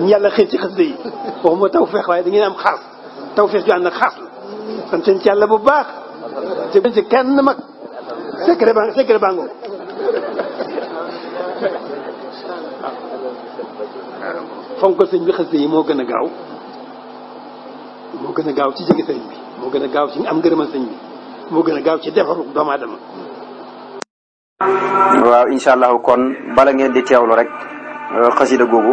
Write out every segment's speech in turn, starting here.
dañu yàlla xëy ci xasida yi waxuma tawfeex waaye da ngeen am xaas tawfeex ju ànd ak xaas la sant ci yàlla bu baax jëmñ ci kenn mag secret ba secret sëñ bi xasida yi moo gën a gaaw moo gën a gaaw ci jege sëñ bi moo gën a gaaw ci am ngërëmal sëñ bi moo gën a gaaw ci defaru doomu aadama waaw incha allahu kon bala ngeen di teewlu rek xasida googu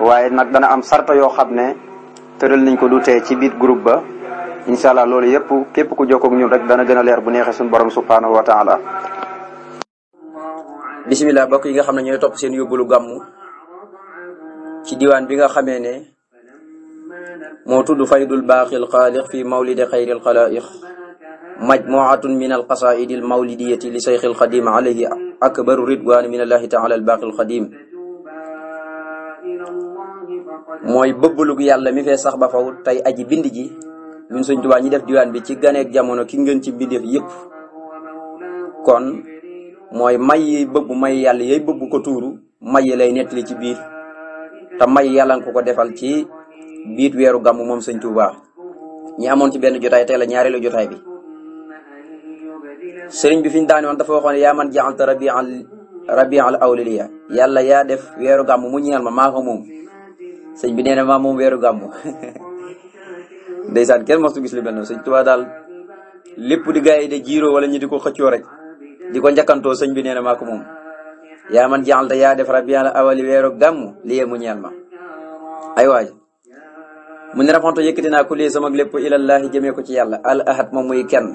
waaye nag dana am sarta yoo xam ne tëral nañ ko du tee ci biir groupe ba incha allah loolu yëpp képp ku jokkoog ñun rek dana gën a leer bu neexee suñu borom subhaanahu wa taala bisimilah bokk yi nga xam ne ñooy topp seen yóbbalu gàmmu ci diwaan bi nga xamee ne moo tudd faydul baaxil xaaliq fi mawlidi xayril xalaaiq majmuatun min al qasaidi al mawlidiyati li seyxil xadim alayhi akbaru ridwaan min allahi taala al baaxil xadim mooy bëggalug yàlla mi fee sax ba faw tey aji bind ji ñun Sëñ Tuubaa ñi def diwaan bi ci ganeeg jamono ki ngeen ci bindéef yëpp kon mooy may yi bëgg may yàlla yay bëgg ko tuuru may yi lay nettali ci biir te may yàlla ko ko defal ci biir weeru gàmmu moom Sëñ Tuubaa ñi amoon ci benn jotaay tey la ñaareelu jotaay bi sëriñ bi fi ñu daane woon dafa waxoon yaa man jaxalta rabial rabial awliya yàlla yaa def weeru gàmm mu ñeel ma maa ko sëñ bi nee na maa moom weeru gàmmu ndeysaan kenn mosu gis lu mel noonu sëñ Tuubaa daal lépp di gars de jiiro wala ñi di ko xëccoo rek di ko njëkkantoo sëñ bi nee na maa moom. yaa man jaxal yaa def rabian la awali weeru gàmmu lii mu ñeel ma ay waay mu ne rafanto yëkkati naa ko lii sama lépp ilallaahi jëmee ko ci yàlla al ahad ma muy kenn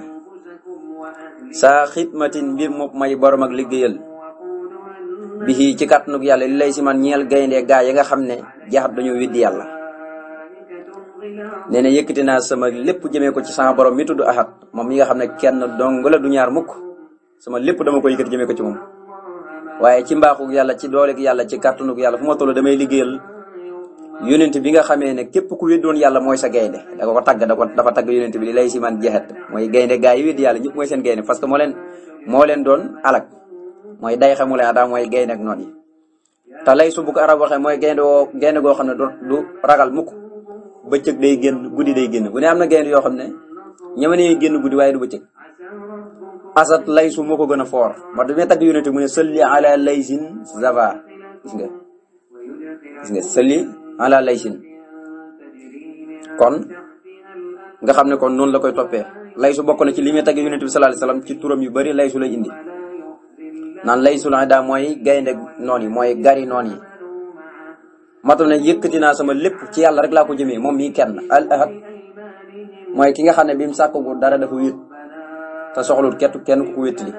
saa xidmatin mbir moom may borom ak liggéeyal. bi ci kàttanug yàlla li lay si man ñeel gaynde gaa yi nga xam ne jaxat dañoo weddi yàlla nee na naa sama lépp jëmee ko ci sama borom mi tudd ahad moom mi nga xam ne kenn dong la du ñaar mukk sama lépp dama ko yëkkati jëmee ko ci moom waaye ci mbaaxu yàlla ci dooleg yàlla ci kàttanug yàlla fu ma toll damay liggéeyal yonent bi nga xamee ne képp ku weddoon yàlla mooy sa gaynde da ko tagg da ko dafa tagg yonent bi li lay si man jaxat mooy gaynde gaa yi weddi yàlla ñëpp mooy seen parce que moo moo leen doon alak mooy day xamule ada mooy gaynde ak noon yi te lay su bu ko arab waxee mooy gaynde woo gaynde goo xam ne du ragal mukk bëccëg day génn guddi day génn bu ne am na gaynde yoo xam ne ñama ne génn guddi waaye du bëccëg asat lay su moo ko gën a foor ma damee tagg yonente mu ne sëlli ala laysin zava gis nga gis nga sëlli ala laysin kon nga xam ne kon noonu la koy toppee lay su bokk na ci li muy tagg yonente bi sallallahu alayhi ci turam yu bari lay su lay indi naan lay sulay daa mooy gaynde noon yi mooy gari noon yi matam ne yëkkati naa sama lépp ci yàlla rek laa ko jëmee moom mii kenn al ahad mooy ki nga xam ne bi mu sàkkagu dara dafa wéet te soxlul kettu kenn ku ko wéttali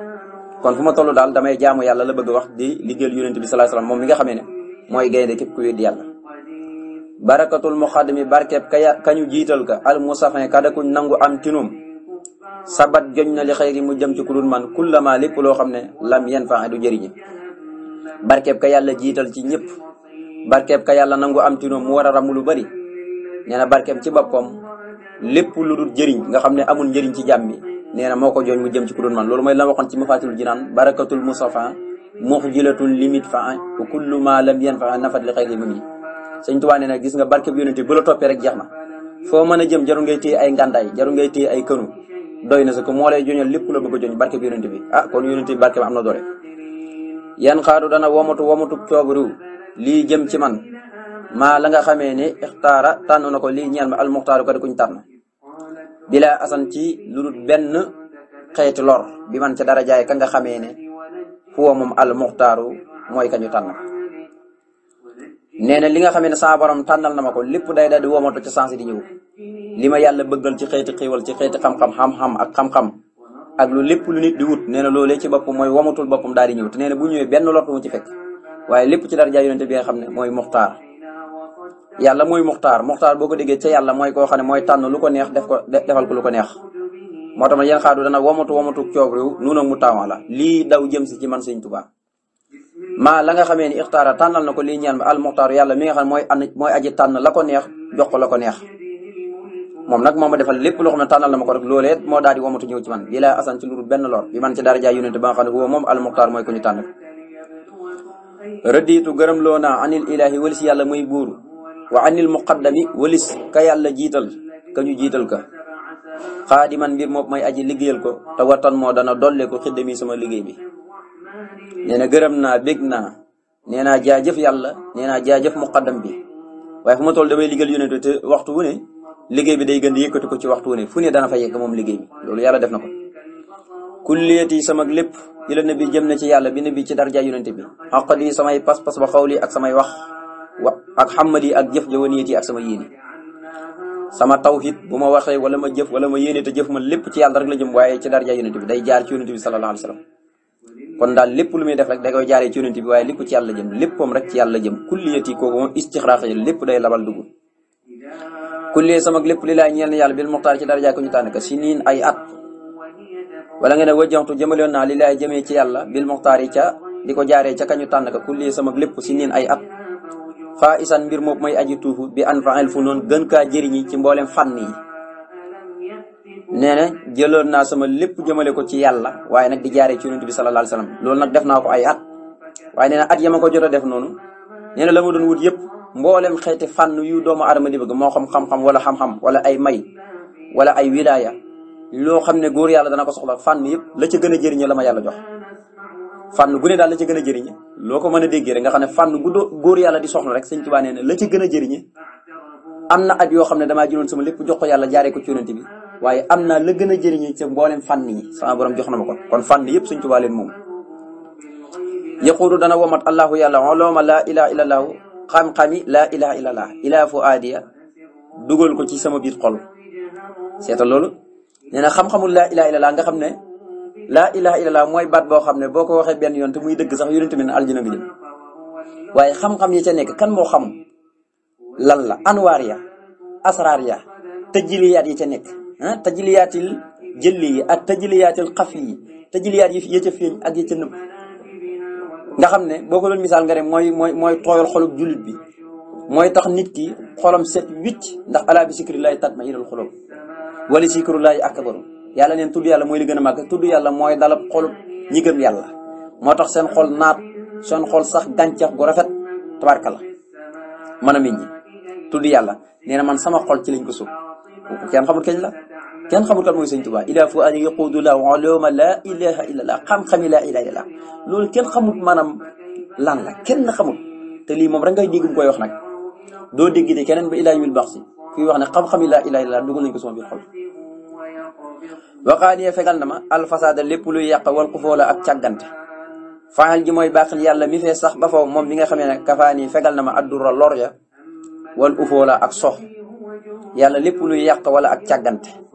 kon fu ma toll daal damay jaamu yàlla la bëgg wax di liggéeyal yonent bi sallallahu alayhi wasallam moom mi nga xamee ne mooy gaynde képp ku wéddi yàlla barakatul muqaddimi barkeeb ka kañu jiital ka al musafin kada kuñ nangu am tinum sabat joñ na li xayri mu jëm ci ku dul man kullama lépp loo xam ne lam yan faa du jëriñi barkeeb ka yàlla jiital ci ñëpp barkeeb ka yàlla nangu am tinoom mu war a ramu lu bari nee na barkeeb ci boppam lépp lu dul jëriñ nga xam ne amul njëriñ ci jàmm bi nee na moo ko jooñ mu jëm ci ku dul man loolu mooy la waxoon ci mu mafaatul jinaan barakatul musafa muxjilatun limit fa wa kullu ma lam yan fa nafat li xayri mu ngi sëñ Tuubaa nee na gis nga barkeeb yonente bu la rek jeex na foo mën a jëm jaru ngay téye ay ngàndaay jaru ngay ay kënu doy na sa ko moo lay joñal lépp la bëgg a joñ barke bi yonente bi ah kon yonente bi barke am na doole yan xaadu dana womatu womatu coobaru lii jëm ci man maa la nga xamee ne ixtaara tànn na ko lii ñeel ma almuxtaaru ko di kuñ tànn bila asan ci lu benn xeeti lor bi man ca dara jaay ka nga xamee ne foo moom almuxtaaru mooy kañu tànn nee na li nga xamee ne saa borom tànnal na ma ko lépp day daal di womatu ca sens di ñëw li ma yàlla bëggal ci xeeti xiiwal ci xeeti xam-xam xam ak xam-xam ak lu lépp lu nit di wut nee na loolee ci boppam mooy wamatul boppam daal di ñëw te nee bu ñëwee benn lott mu ci lépp ci daraja yonente bi nga ne mooy muxtaar yàlla mooy muxtaar muxtaar boo ko déggee ca yàlla mooy koo xam ne mooy tànn lu ko neex def ko defal ko ko neex moo tax ma yéen xaadu dana wamatu wamatu coob réew mu taawa la lii daw jëm si ci man sëñ Tuubaa maa la nga xamee ni ixtaara tànnal na ko lii ñaan ba al mi nga xam ne mooy an mooy aji tànn la ko neex jox ko la ko neex moom nag moom ma defal lépp loo xam ne na ma ko rek loolee moo daal di womatu ñëw ci man bi laa asan ci lurul benn lor bi man ci dara a yonente ba gërëm loo naa anil ilahi walis yàlla muy buur wa anil muqaddami walis ka yàlla jiital ñu jiital ka xaadiman mbir moom may aji liggéeyal ko te wattan moo dana dolle ko xiddami sama liggéey bi nee gërëm naa bég naa nee naa jaajëf yàlla nee naa jaajëf muqaddam bi waaye fu ma toll damay liggéeyal yonente te waxtu wu ne liggéey bi day gën di yëkkati ko ci waxtu wu ne fu ne dana fa yegg moom liggéey bi loolu yàlla def na ko kulliyati sama lépp jëm na ci yàlla bi nabi ci darja yonente bi xaqat yi samay pas-pas ba xawli ak samay wa ak xamal yi ak jëf ja waniyet yi sama yéene sama tawhid bu ma waxee wala ma jëf wala ma yéene te jëf ma lépp ci yàlla rek la jëm waaye ci darja yonente bi day jaar ci yonente bi sallallahu alayhi wa sallam kon daal lépp lu muy def rek da koy jaaree ci yonente bi waaye lépp ci yàlla jëm léppam rek ci yàlla jëm kulliyati kooku moom istixraaqa yi lépp day labal dugg kullee sama lépp li laay ñeel na yàlla bil muxtaar ci daraja ko ñu tànn ka si niin ay at wala nga ne wajjantu jëmale woon naa li laay jëmee ci yàlla bil muxtaar yi ca di ko jaaree ca kañu tànn ka kullee sama lépp si niin ay at faa isan mbir moom mooy aji tuufu bi an fa fu noonu gën kaa jëriñi ci mboolem fànn yi nee na jëloon naa sama lépp jëmale ko ci yàlla waaye nag di jaaree ci yonent bi sallallahu alayhi wa loolu nag def naa ko ay at waaye nee na ya ko jot def noonu nee la ma yëpp mboolem xeeti fànn yu doomu aadama di bëgg moo xam xam-xam wala xam-xam wala ay may wala ay wilaya loo xam ne góor yàlla dana ko soxla fànn yëpp la ca gën a jëriñe la ma yàlla jox fànn gu ne daal la ca gën a jëriñe loo ko mën a déggee rek nga xam ne fànn gu doo góor yàlla di soxla rek sëñ Tuubaa nee na la ca gën a jëriñe am na at yoo xam ne damaa jëloon sama lépp jox ko yàlla jaaree ko ci yonent bi waaye am naa la gën a jëriñe ca mboolem fànn yi sama borom jox na ma ko kon fànn yëpp sëñ Tuubaa leen moom yaquudu dana womat allahu yàlla oloma la ilaha illallahu xam-xami laa ilaha illallah ilaa fu aadiya dugal ko ci sama biir xol seetal loolu nee na xam-xamul laa ilaha illallah nga xam ne laa ilaha illallah mooy baat boo xam ne boo ko waxee benn yoon te muy dëgg sax yonent bi ne aljina nga jëm waaye xam-xam yi ca nekk kan moo xam lan la anwaar ya asraar ya tajiliyaat yi ca nekk ah tajiliyaatil jëlli yi ak tajiliyaatil xaf yi tajiliyaat yi ya ca ak ya ca nga xam ne boo ko doon misaal nga ne mooy mooy mooy tooyal xolub jullit bi mooy tax nit ki xolam set wicc ndax alaa bi sikrillahi tatma inul xulub wala sikrullahi akbaru yàlla neen tudd yàlla mooy li gën a màgg tudd yàlla mooy dalab xolub ñi gëm yàlla moo tax seen xol naat seen xol sax gàncax gu rafet tabarka la mën a meññ tudd yàlla nee na man sama xol ci lañ ko suuf kenn xamul kañ la kenn xamul kan mooy sëñ Tuubaa ila fu an yaquudu la uluma la ilaha illa allah xam la ilaha loolu kenn xamul maanaam lan la kenn xamul te lii moom rek ngay dégg mu koy wax nag doo dégg de keneen ba ilaa yumil baxsi kuy wax ne xam-xami la ilaha illa allah dugal nañ ko sama biir xol waxaaniye fegal na ma alfasaada lépp luy yàq wal foola ak càggante faal ji mooy baaxil yàlla mi fee sax ba faw moom mi nga xamee ne kafaani fegal na ma addura lor ya wal ufóola ak sox lépp luy yàq wala ak càggante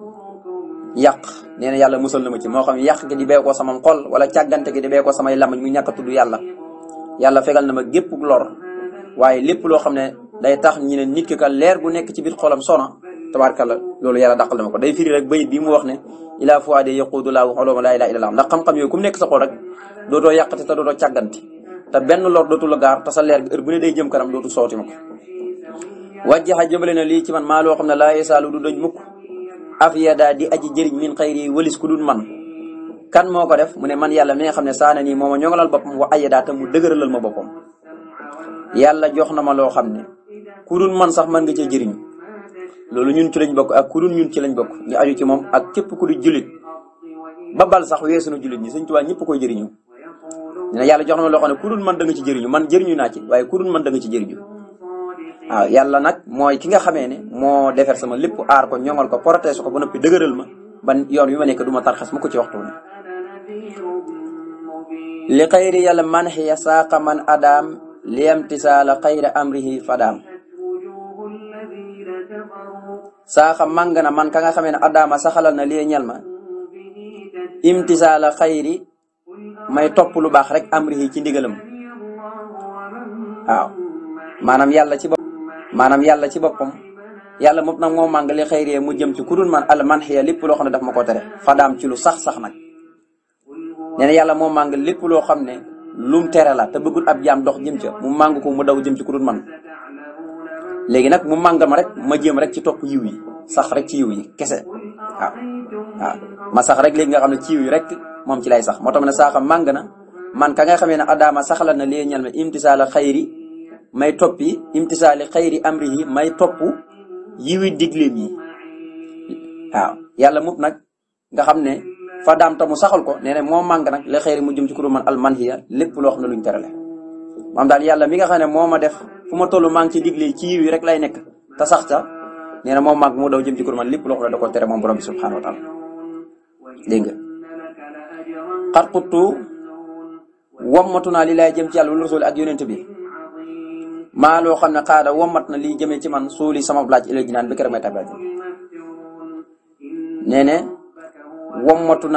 yàq nee na yàlla musal na ma ci moo xam yàq gi di bee koo sama xol wala càggante gi di bee samay làmmiñ mu ñàkk a tudd yàlla yàlla fegal na ma gépp lor waaye lépp loo xam ne day tax ñu ne nit ki ka leer bu nekk ci biir xolam sona tabaarkalla loolu yàlla dàqal na ma ko day firi rek bayit bi mu wax ne ilaa fuwaade yaquudu laahu uluma laa ilaaha illallaah ndax xam-xam yooyu ku mu nekk sa xol rek dootoo yàqati te dootoo càggante te benn lor dootu la gaar te sa ne day jëm kanam daal di aji jëriñ min xayri walis ku dul man kan moo ko def mu ne man yàlla mi nga xam ne saana nii mooma ñoŋalal boppam wa ayada te mu dëgëralal ma boppam yàlla jox na ma loo xam ne ku man sax man nga cee jëriñ loolu ñun ci lañ bokk ak ku dul ñun ci lañ bokk ñu aju ci moom ak képp ku dul julit ba bal sax weesu na julit ñi Sëñ Tuubaa ñëpp koy jëriñu dina yàlla jox na loo xam ne ku dul man da nga ci jëriñu man jëriñu naa ci waaye ku dul man da nga ci jëriñu waaw ah, yàlla nag mooy ki nga xamee ne moo defar sama lépp aar ko ñoŋal ko protéger ko ba noppi dëgëral ma ban yoon wi ma nekk duma ma tarxas mu ko ci waxtu li xayri yàlla man xiya saaqa man adam liyamtisaala xayra amrihi fadaam saaxa màng na man ka nga xamee ne adama saxalal na lie ñel ma imtisaala xayri may topp lu baax rek amrihi ci ndigalam waaw maanaam yàlla ci maanaam yàlla ci boppam yàlla moom nag moo màng li xëyree mu jëm ci ku man al man xiya lépp loo xam ne daf ma ko tere fadaam ci lu sax sax nag nee na yàlla moo màng lépp loo xam ne lum tere la te bëggul ab jaam dox jëm ca mu màng ko mu daw jëm ci ku dul man léegi nag mu màng ma rek ma jëm rek ci topp yiw yi sax rek ci yiw yi kese waaw ma sax rek léegi nga xam ne ci yiw yi rek moom ci lay sax moo tax ma ne saaxa màng na man ka nga xamee ne adaama saxlal na léegi ñal ma imtisaala xayri may toppi imtisaali xayri amrihi may topp yiwi digle bi waaw yàlla moom nag nga xam ne fa daam ta mu saxal ko nee na moo màng nag la xëyri mu jëm ci kuréel man al manhiya lépp loo xam ne luñ terale maam daal yàlla mi nga xam ne moo ma def fu ma tollu maa ngi ci digle ci yiw yi rek lay nekk te sax ca nee na moo màng mu daw jëm ci kuréel man lépp loo xam ne tere moom borom bi subhanahu wa taala dégg nga xarxuttu wammatu naa li lay jëm ci yàlla wala rasul ak yonent bi maa loo xam ne xaada womat na lii jëmee ci man suuli sama laaj ila jinaan bi keroog may tàbbi àjjana nee ne wommatu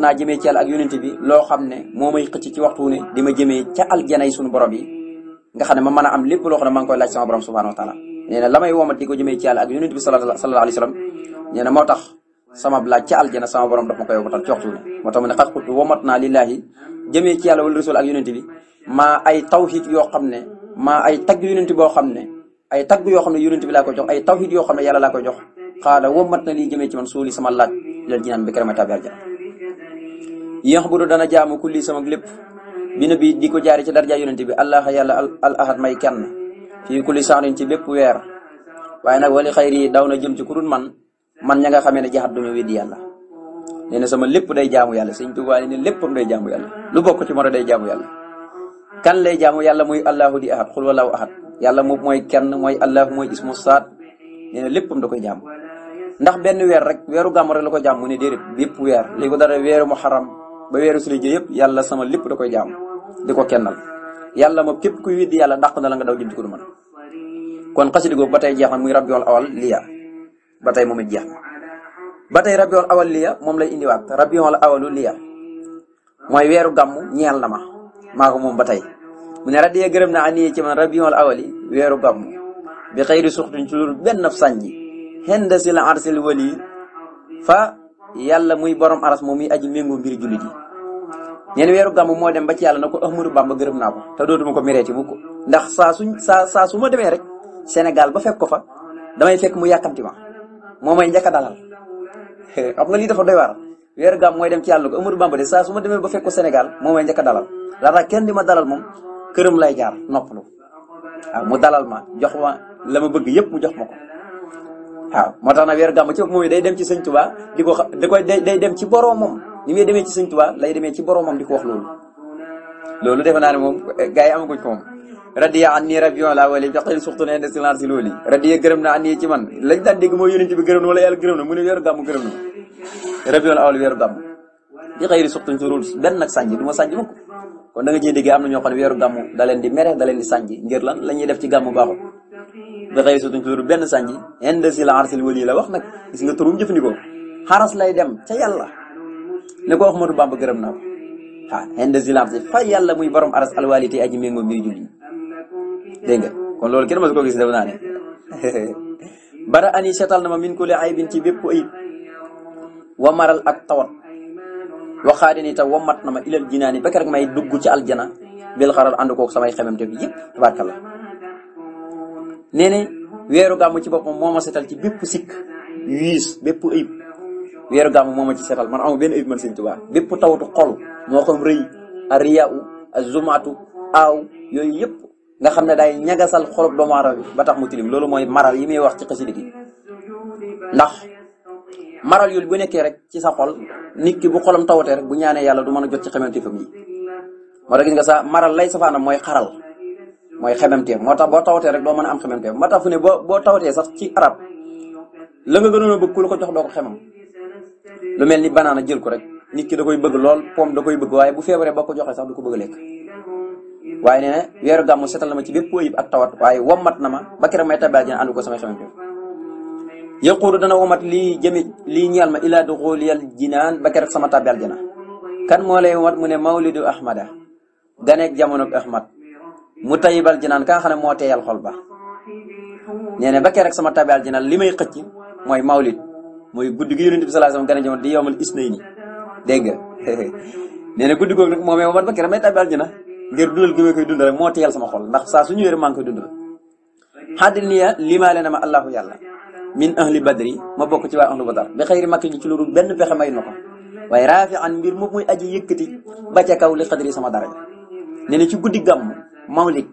naa jëmee ci ak yonent bi loo xam ne moo may xëcc ci waxtu ne di ma jëmee ca aljanay suñu borom yi nga xam ne ma mën am lépp loo xam ne maa ngi koy laaj sama borom subhanahu wa taala nee na la may womat ko jëmee ci yàlla ak yonent bi sallallahu alayhi wa sallam nee na moo tax sama laaj ca aljana sama borom daf ma koy womatal ci waxtu ne moo tax mu ne xat xut womat ci yàlla ak yonent bi ma ay tawhid yoo xam ne maa ay tagg yonent boo xam ne ay tagg yoo xam ne yonent bi laa koy jox ay tawhid yoo xam ne yàlla laa koy jox xaala wommat na a jëmee ci man suuli sama laaj lal jinaan bi karama tabi aljana yéex bu dana jaamu kulli sama lépp bi na bi di ko jaari ci darja yonent bi allah yàlla al ahad may kenn fii kulli saarin ci bépp weer waaye nag wali xayri yi daw na jëm ci kurun man man ña nga xamee ne jaxat a weddi yàlla nee sama lépp day jaamu yàlla sëñ Tuubaa ne léppam day jaamu yàlla lu bokk ci moro day jaamu yàlla kan lay jaamu yàlla muy allahu di ahad xul wallahu ahad yàlla moom mooy kenn mooy allahu mooy ismu saat nee na léppam da koy jaam ndax benn weer rek weeru gàmmu rek la ko jaam mu ne déedéet bépp weer li ko dara weeru muharram ba weeru sulhijja yëpp yàlla sama lépp da koy jaam di ko kennal yàlla moom képp kuy widdi yàlla dàq na la nga daw jëm ci ko du mën kon xasida googu ba tey jeex na muy rabiul awal liya ba tey moom it jeex na ba tey rabiul moom lay indiwaat rabiul awalu liya mooy weeru gàmmu ñeel ma maa moom ba tey mu ne radiya gërëm na ani ci man rabiul awali weeru gàmm bi xëyri suxtuñ ci lul benn sànji xenda si la arsil wali fa yàlla muy borom aras moom muy aji méngoo mbiri julli ji neen weeru gàmm moo dem ba ci yàlla na ko Ahmadu Bamba gërëm naa ko te dootuma ko mireeti mukk ndax saa suñ saa saa su ma demee rek Sénégal ba fekk ko fa damay fekk mu yàkkamti ma moo may njëkk a dalal xam nga lii dafa doy waar weeru gàmm mooy dem ci yàlla na ko su ma demee ba fekk ko moo may njëkk dalal laata kenn di ma dalal moom këram lay jaar noppalu waaw mu dalal ma jox ma la ma bëgg yëpp mu jox ma ko waaw moo tax nag weeru gàmm ci moom day dem ci sëñ Tuubaa di ko da koy day dem ci boroomam ni muy demee ci sëñ Tuubaa demee ci boroomam di ko wax loolu loolu defe naa ne moom gars yi amaguñ ko moom radiya an nii rabion la wali joxel suxtu ne desilar si loolu radiya gërëm na an nii ci man lañ daan dégg mooy yonent bi gërëm na wala yàlla gërëm na mu ne weeru gàmm gërëm na rabion la awal weeru gàmm di xëyri suxtuñ si rul benn nag sànji du ma sànji ma ko kon da nga ciy déggee am na ñoo xam ne weeru gàmmu da leen di mere da leen di sànji ngir lan la ñuy def ci gàmmu baaxul ba xëy sutuñ tuuru benn sànji inde si la arsil wali la wax nag gis nga turum jëfandikoo xaras lay dem ca yàlla ne ko wax matu bamba gërëm naa ko ah inde si la arsil fa yàlla muy borom aras alwali te aji méngoo mbiri julli dégg nga kon loolu kenn mas ko gis def naa ne bara ani setal na ma min kulli aybin ci bépp ayib wa maral ak tawat waxaadi ni taw mat na ma ilal jinaani ba rek may dugg ci aljana bil xaral ànd koog samay xememte bi yëpp tabaarkalla nee ne weeru gàmmu ci boppam moo ma setal ci bépp sikk wiis bépp ayib weeru gàmmu moo ma ci setal man amu benn ayib man sëñ Tuubaa bépp tawatu xol moo xam rëy a riyaau a zumaatu aaw yooyu yëpp nga xam ne daay ñagasal xolub doomu aadama bi ba tax mu tilim loolu mooy maral yi muy wax ci xasida gi maral yooyu bu nekkee rek ci sa xol nit ki bu xolam tawatee rek bu ñaanee yàlla du mën a jot ci xememteefam fa moo tax gis nga sa maral lay safaanam mooy xaral mooy xememteef moo tax boo tawatee rek doo man a am xememteef moo tax fu ne boo boo tawatee sax ci arab la nga gënoon a bëgg ku la ko jox doo ko xemam lu mel ni banaana jël ko rek nit ki da koy bëgg lool pomme da koy bëgg waaye bu feebaree boo ko joxee sax du ko bëgg lekk waaye nee na weeru gàmmu seetal na ma ci bépp ayib ak tawat waaye mat na ma ba keroog may tabal dina ko samay xememteef yaquulu dana womat lii jëmi lii ñeel ma ilaa duxuliyal jinaan ba keroog sama tàbbi aljana kan moo lay womat mu ne mawlidu ahmada ganeeg jamonog ahmad mu tayibal jinaan ka nga ne moo teeyal xol ba nee ba keroog sama tàbbi aljana li may xëcc mooy mawlid mooy guddi gi yonent bi sallallahu alayhi wasallam gane jamono di yowmal isnayni dégg nga nee na guddi googu nag moomee womat ba keroog may tàbbi aljana ngir dundal gi koy dundal moo teeyal sama xol ndax saa su ñëwee maa ngi koy dund xaddiniya limaa ma allahu yàlla min ahli badri ma bokk ci waa ahlu badar bi xëyri makki ji ci lu dul benn pexe may na ko waaye raafi an mbir moom muy aji yëkkati ba ca kaw li xadri sama dara nee na ci guddi gàmm mawlik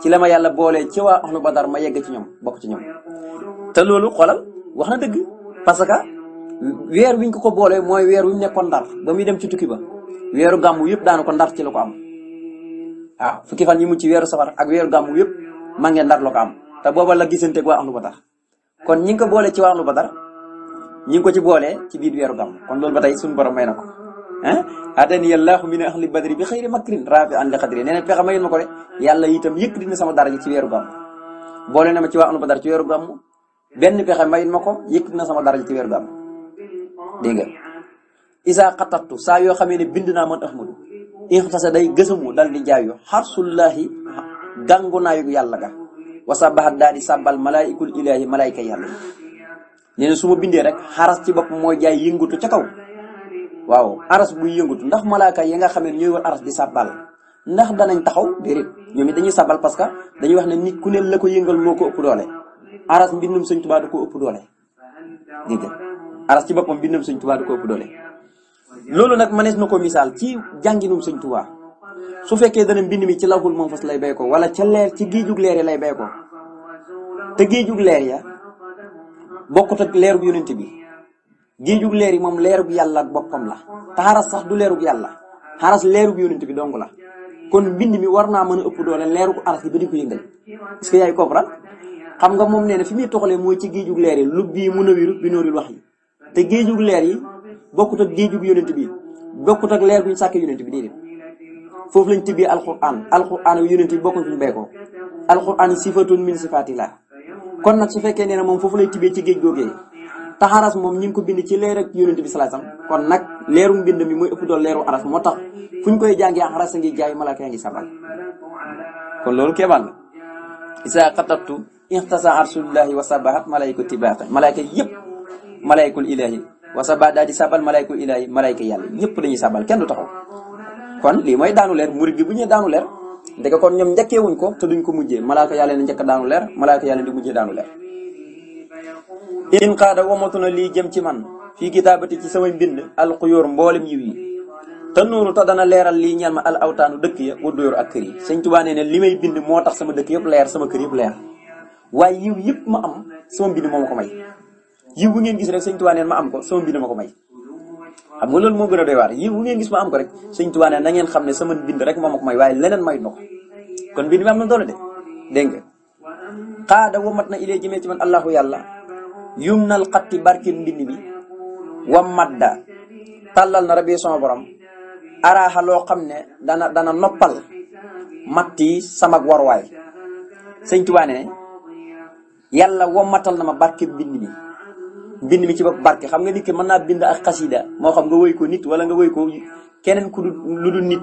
ci la ma yàlla boolee ci waa ahlu badar ma yegg ci ñoom bokk ci ñoom te loolu xoolal wax na dëgg parce que weer wiñ ko ko boolee mooy weer wi mu nekkoon ndar ba muy dem ci tukki ba weeru gàmm yëpp daanu ko ndar ci la ko am waaw ah, fukki fan yi mu ci weeru safar ak weeru gàmm yëpp maa ngi ndar la ko am te booba la gisanteeg waa ahlu badar kon ñi ngi ko boole ci wàllu badar ñi ngi ko ci boole ci biir weeru gàmm kon loolu ba tey suñu borom may na ko ah atani allahu min ahli badri bi xëyri makrin raafi an li xadri nee na pexe mayoon ma ko de yàlla itam yëkkati na sama dara ji ci weeru gàmm boole na ma ci wàllu badar ci weeru gàmm benn pexe mayoon ma ko yëkkati na sama dara ji ci weeru gàmm dégg nga isa xatattu saa yoo xamee ne bind naa man ahmadu ixtasa day gësamu dal di jaayyu xarsullahi gàngu naayu yàlla ga wa sabaxat daal di sàbbal malaayikul ilaahi malaayika yàlla nee na su ma bindee rek xaras ci bopp mooy jaay yëngatu ca kaw waaw aras buy yëngutu ndax malaaka yi nga xam ne ñooy war aras di sàbbal ndax danañ taxaw déedéet ñoom it dañuy sabal parce que dañuy wax ne nit ku ne la ko yëngal moo ko ëpp doole aras mbindum sëñ Tuubaa da ko ëpp doole ci boppam mbindum sëñ Tuubaa da ko ëpp doole loolu nag mënees na ko misaal ci jànginum sëñ Tuubaa su fekkee dana mbind mi ci lagul moom fas lay bay ko wala ca leer ci géejug leer yi lay bay ko te géejug leer ya bokkut ak leerug yonent bi leer yi moom leerug yàlla ak boppam sax du leerug yàlla xaras leerug yonent bi dong la kon mbind mi war naa mën a ëpp doole leerug aras yi ko xam nga moom nee na fi muy toxalee mooy ci géejug leer yi lu bii mun a wiru bi nooril wax yi te géejug leer yi bokkut ak géejug yonent bi bokkut ak leer guñ sàkk yonent bi déedéet foofu lañ tibbee alquran al wi yonent bi bokkuñ fi ñu bay ko alquran sifatun min sifaati la kon nag su fekkee nee na moom foofu lay tibbee ci géej googee taxaras moom ñu ngi ko bind ci leer ak yonent bi salaasam kon nag leeru mbind mi mooy ëpp doon leeru aras moo tax fu ñu koy jàngee xaras a ngi jaay malaaka ngi sabal kon loolu keebal la isa xatabtu ixtasa arsulillahi wa sabahat malayku tibaata malayka yëpp malaykul ilahi wa sabaha daal di sabal malaykul ilahi malayka yàlla ñëpp dañuy sabal kenn du taxaw kon lii mooy daanu leer murid bi bu ñëwee daanu leer ndeke kon ñoom njëkkee wuñ ko te duñ ko mujjee malaaka yàlla na njëkk daanu leer malaaka yàlla di mujjee daanu leer in qaada wamatu na lii jëm ci man fii kitaabati ci samay mbind alxuyóor mboolem yiw yi te nuuru te dana leeral lii ñeel ma al awtaanu dëkk ya wa dóor ak kër yi sëñ Tuubaa nee ne li may bind moo tax sama dëkk yëpp leer sama kër yëpp leer waaye yiw yëpp ma am sama mbind moo ma ko may yiw bu gis rek sëñ Tuubaa neen ma am ko sama mbind ma ko may xam nga loolu moo gën a doy waar yi wu ngeen gis ma am ko rek sëñ Tuubaa ne na ngeen xam ne sama bind rek moom ak may waaye leneen may na kon bind bi am na doole de dégg nga xaada wamat na ilee jëmee ci man allahu yàlla yum nal xatti barkil mbind bi wa madda tàllal na rabi sama borom araaxa loo xam ne dana dana noppal matt sama samag warwaay sëñ Tuubaa ne yàlla wamatal na ma barkil bind bi mbind mi ci bopp barke xam nga nit ki mën naa bind ak xasida moo xam nga wëy ko nit wala nga woy ko keneen ku lu dul nit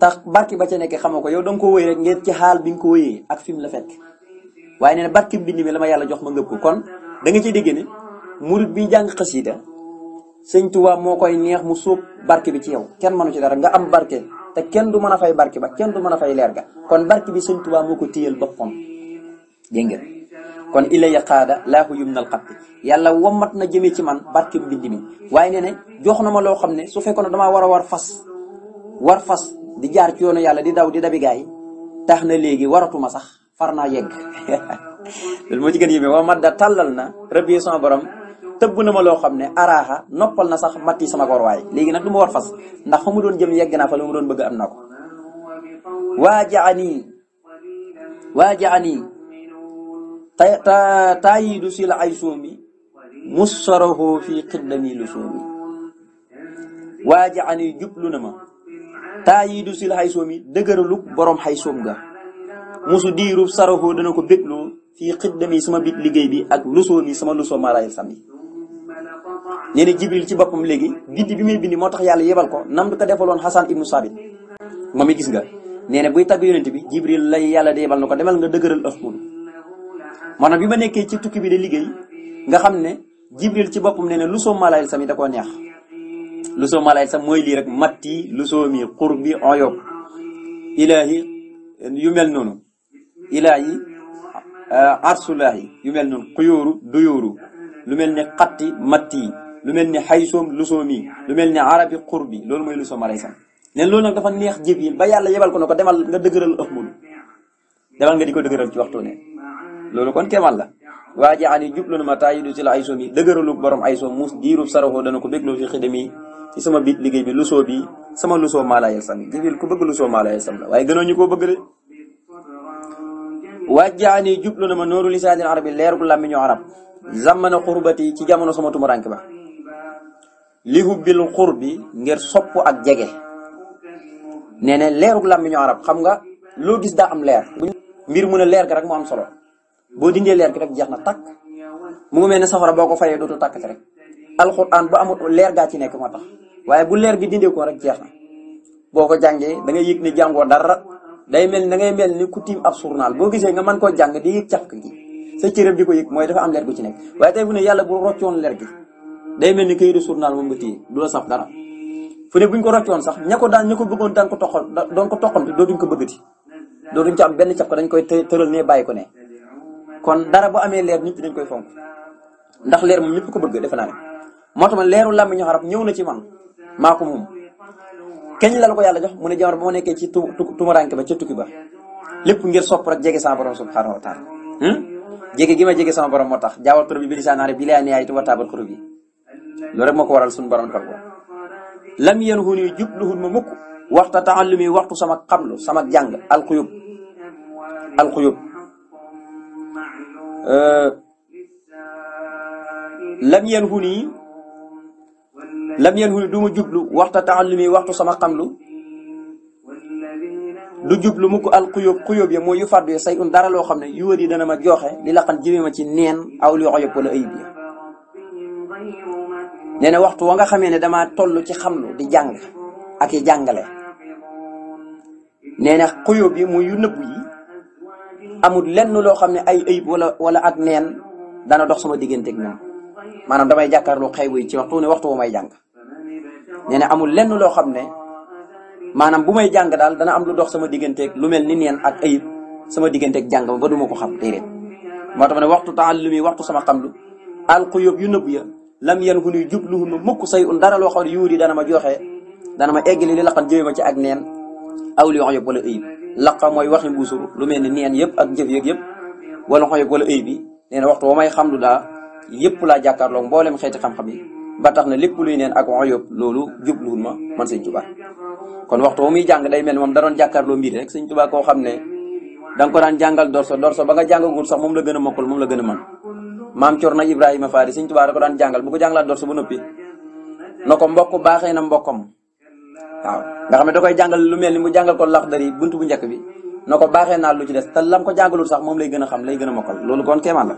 tax barke ba ca nekk xamoo ko yow danga ko wëy rek ngeen ci xaal bi nga ko woyee ak fi mu la fekk waaye nee na barke mbind mi la ma yàlla jox ma ngëb ko kon da nga ciy dégg ne murit bi jàng xasida sëñ Tuubaa moo koy neex mu sóob barke bi ci yow kenn mënu ci dara nga am barke te kenn du mën a fay barki ba kenn du mën a fay leer ga kon barke bi sëñ Tuubaa moo ko téyal boppam dégg kon ilaya qaada laahu yumnal xatti yàlla wommat na jëmee ci man barkeb mbind mi waaye nee ne jox na ma loo xam ne su fekkoon ne damaa war a war fas war fas di jaar ci yoonu yàlla di daw di dabigaay gaay tax na léegi waratuma sax far naa yegg lu moo ci gën yéeme mat madda tàllal na rabbi sama borom tëb na ma loo xam ne araaxa noppal na sax matti sama koor waaye léegi nag du ma war fas ndax fa mu doon jëm yegg naa fa la mu doon bëgg am na ko waa jaani taayiidu la ay suumi mussarahu fi xiddami lu suumi waa ji ani lu na ma yii taayiidu la ay suumi dëgëraluk borom xay suum ga musu diiru sarahu dana ko bégloo fii xiddami sama bit liggéey bi ak lu suumi sama lu suum marayil sami nee na jibril ci boppam léegi bindi bi muy bindi moo tax yàlla yebal ko nam du ko defaloon xasaan ibnu sabit moom it gis nga nee na buy tagg yonent bi jibril lay yàlla de yebal na ko demal nga dëgëral ëxmul maanaam bi ma nekkee ci tukki bi di liggéey nga xam ne jibril ci boppam nee na lu soo malayil sam yi da koo neex lu soo malayil sam mooy lii rek matti lu soo mi xur bi oyob yu mel noonu ilaahi euh, arsulaahi yu mel noonu xuyóoru duyóoru lu mel ne xatti matti lu mel ne xaysoom lu soo mi lu mel ne arabi xur bi loolu mooy lu soo malayil sam neen loolu nag dafa neex jibril ba yàlla yebal ko ne ko demal nga dëgëral ëxmul demal nga di ko dëgëral ci waxtu ne loolu kon kemal la waa ji ani jublu na ma taayidu ci la ay soom yi dëgëralug borom ay soom muus diirub saraxoo dana ko bégloo fi xidami ci sama bit liggéey bi lusoo bi sama lusoo maalayel sam jibil ku bëgg lusoo maalayel sam la waaye gënoo ñu koo bëgg de wajjaani jublu na ma nooru lisaanin arabi leerug làmmiñu arab zamana xurbati ci jamono sama tumurank ba li hubbil bi ngir sopp ak jege nee ne leerug làmmiñu arab xam nga loo gis daa am leer mbir mun ne leer ga rek mu am solo boo dindee leer gi rek jeex na takk mu ngi mel ne safara boo ko fayee dootu tàkkati rek alxuraan bu amul leer gaa ci nekk moo tax waaye bu leer gi dindee ko rek jeex na boo ko jàngee da ngay yëg ne jàngoo dara day mel da ngay mel ni ku tiim ab journal boo gisee nga mën koo jàng di yëg càq sa cërëb di ko yëg mooy dafa am leer gu ci nekk waaye tey ne yàlla bu roccoon leer gi mel ni këyitu journal moom nga téye du la saf dara fu ne buñ ko roccoon sax ña ko daan ña ko bëggoon daan ko toqal doon ko toqante dootuñ ko bëggati dootuñ ci am benn càq dañ koy tëral ne bàyyi ko ne kon dara boo amee leer nit ñi koy fonk ndax leer moom ñëpp ko bëgg defe naa ne moo tax man leeru làmmiñu xarab ñëw na ci man maa ko moom keñ la ko yàlla jox mu ne jamono ba nekkee ci tu tumaranke ba ca tukki ba lépp sopp rek jege sama borom subhanahu wa taala hmm? jege gi ma jege sama borom moo tax jaawal tur bi bi lisaa naare bi laa niyaay tu wataabal xuru bi loolu rek ko waral suñu borom tol ko lam yéen xun yi jubluhun ma mukk waxta taallumi waxtu sama xamlu sama jàng alxuyub alxuyub lam yeen xun yi lam yeen xun yi du ma jublu waxta waxtu sama xamlu du jublu mukk al xuyóob xuyóob ya mooy yu fàddu say un dara loo xam ne yu wër yi dana ma joxe di laqan jëmee ma ci neen aw li xoyob wala ayib ya nee waxtu wa nga xamee ne damaa toll ci xamlu di jàng ak i jàngale nee na xuyóob yi muy yu nëbb yi amul lenn loo xam ne ay ayib walla wala ak neen dana dox sama digganteeg moom maanaam damay jàkkaarloo xëy wu ci waxtu ne waxtu wu may jàng amul lenn loo xam ne maanaam bu may jàng daal dana am lu dox sama digganteeg lu mel ni neen ak ayib sama digganteeg jàng ba du ma ko xam déedéet moo tax ma ne waxtu taallumi waxtu sama xam lu alxuyóob yu nëbb ya lam yan hu nuy jubluhunu mukk say un dara loo xam ne yuuri dana ma joxe dana ma eggali li laqan jëme ma ci ak neen aw li wax yóbbu ayib laqa mooy waxi mbuusur lu mel ni neen yëpp ak jëf yëg yëpp wala xoyog wala ëy bi nee na waxtu wa may xam lu daa yëpp laa jàkkaarloog mboolem xeeti xam-xam yi ba tax na lépp luy neen ak xoyob loolu jubluwul ma man sëñ Tuubaa kon waxtu wa muy jàng day mel ni moom daroon doon jàkkaarloo mbir rek sëñ Tuubaa koo xam ne da nga ko daan jàngal dorso dorso ba nga jàng jàngagul sax moom la gën a mokkal moom la gën a mën maam cor na Ibrahima Faari sëñ Tuubaa da ko daan jàngal bu ko jàngalaat dorso ba noppi na ko mbokk baaxee na mbokkam waaw nga xam ne da koy jàngal lu mel ni mu jàngal ko laxdar yi buntu bu njëkk bi na ko baaxee naa lu ci des te lam ko jàngalul sax moom lay gën a xam lay gën a mokkal loolu kon kéemaan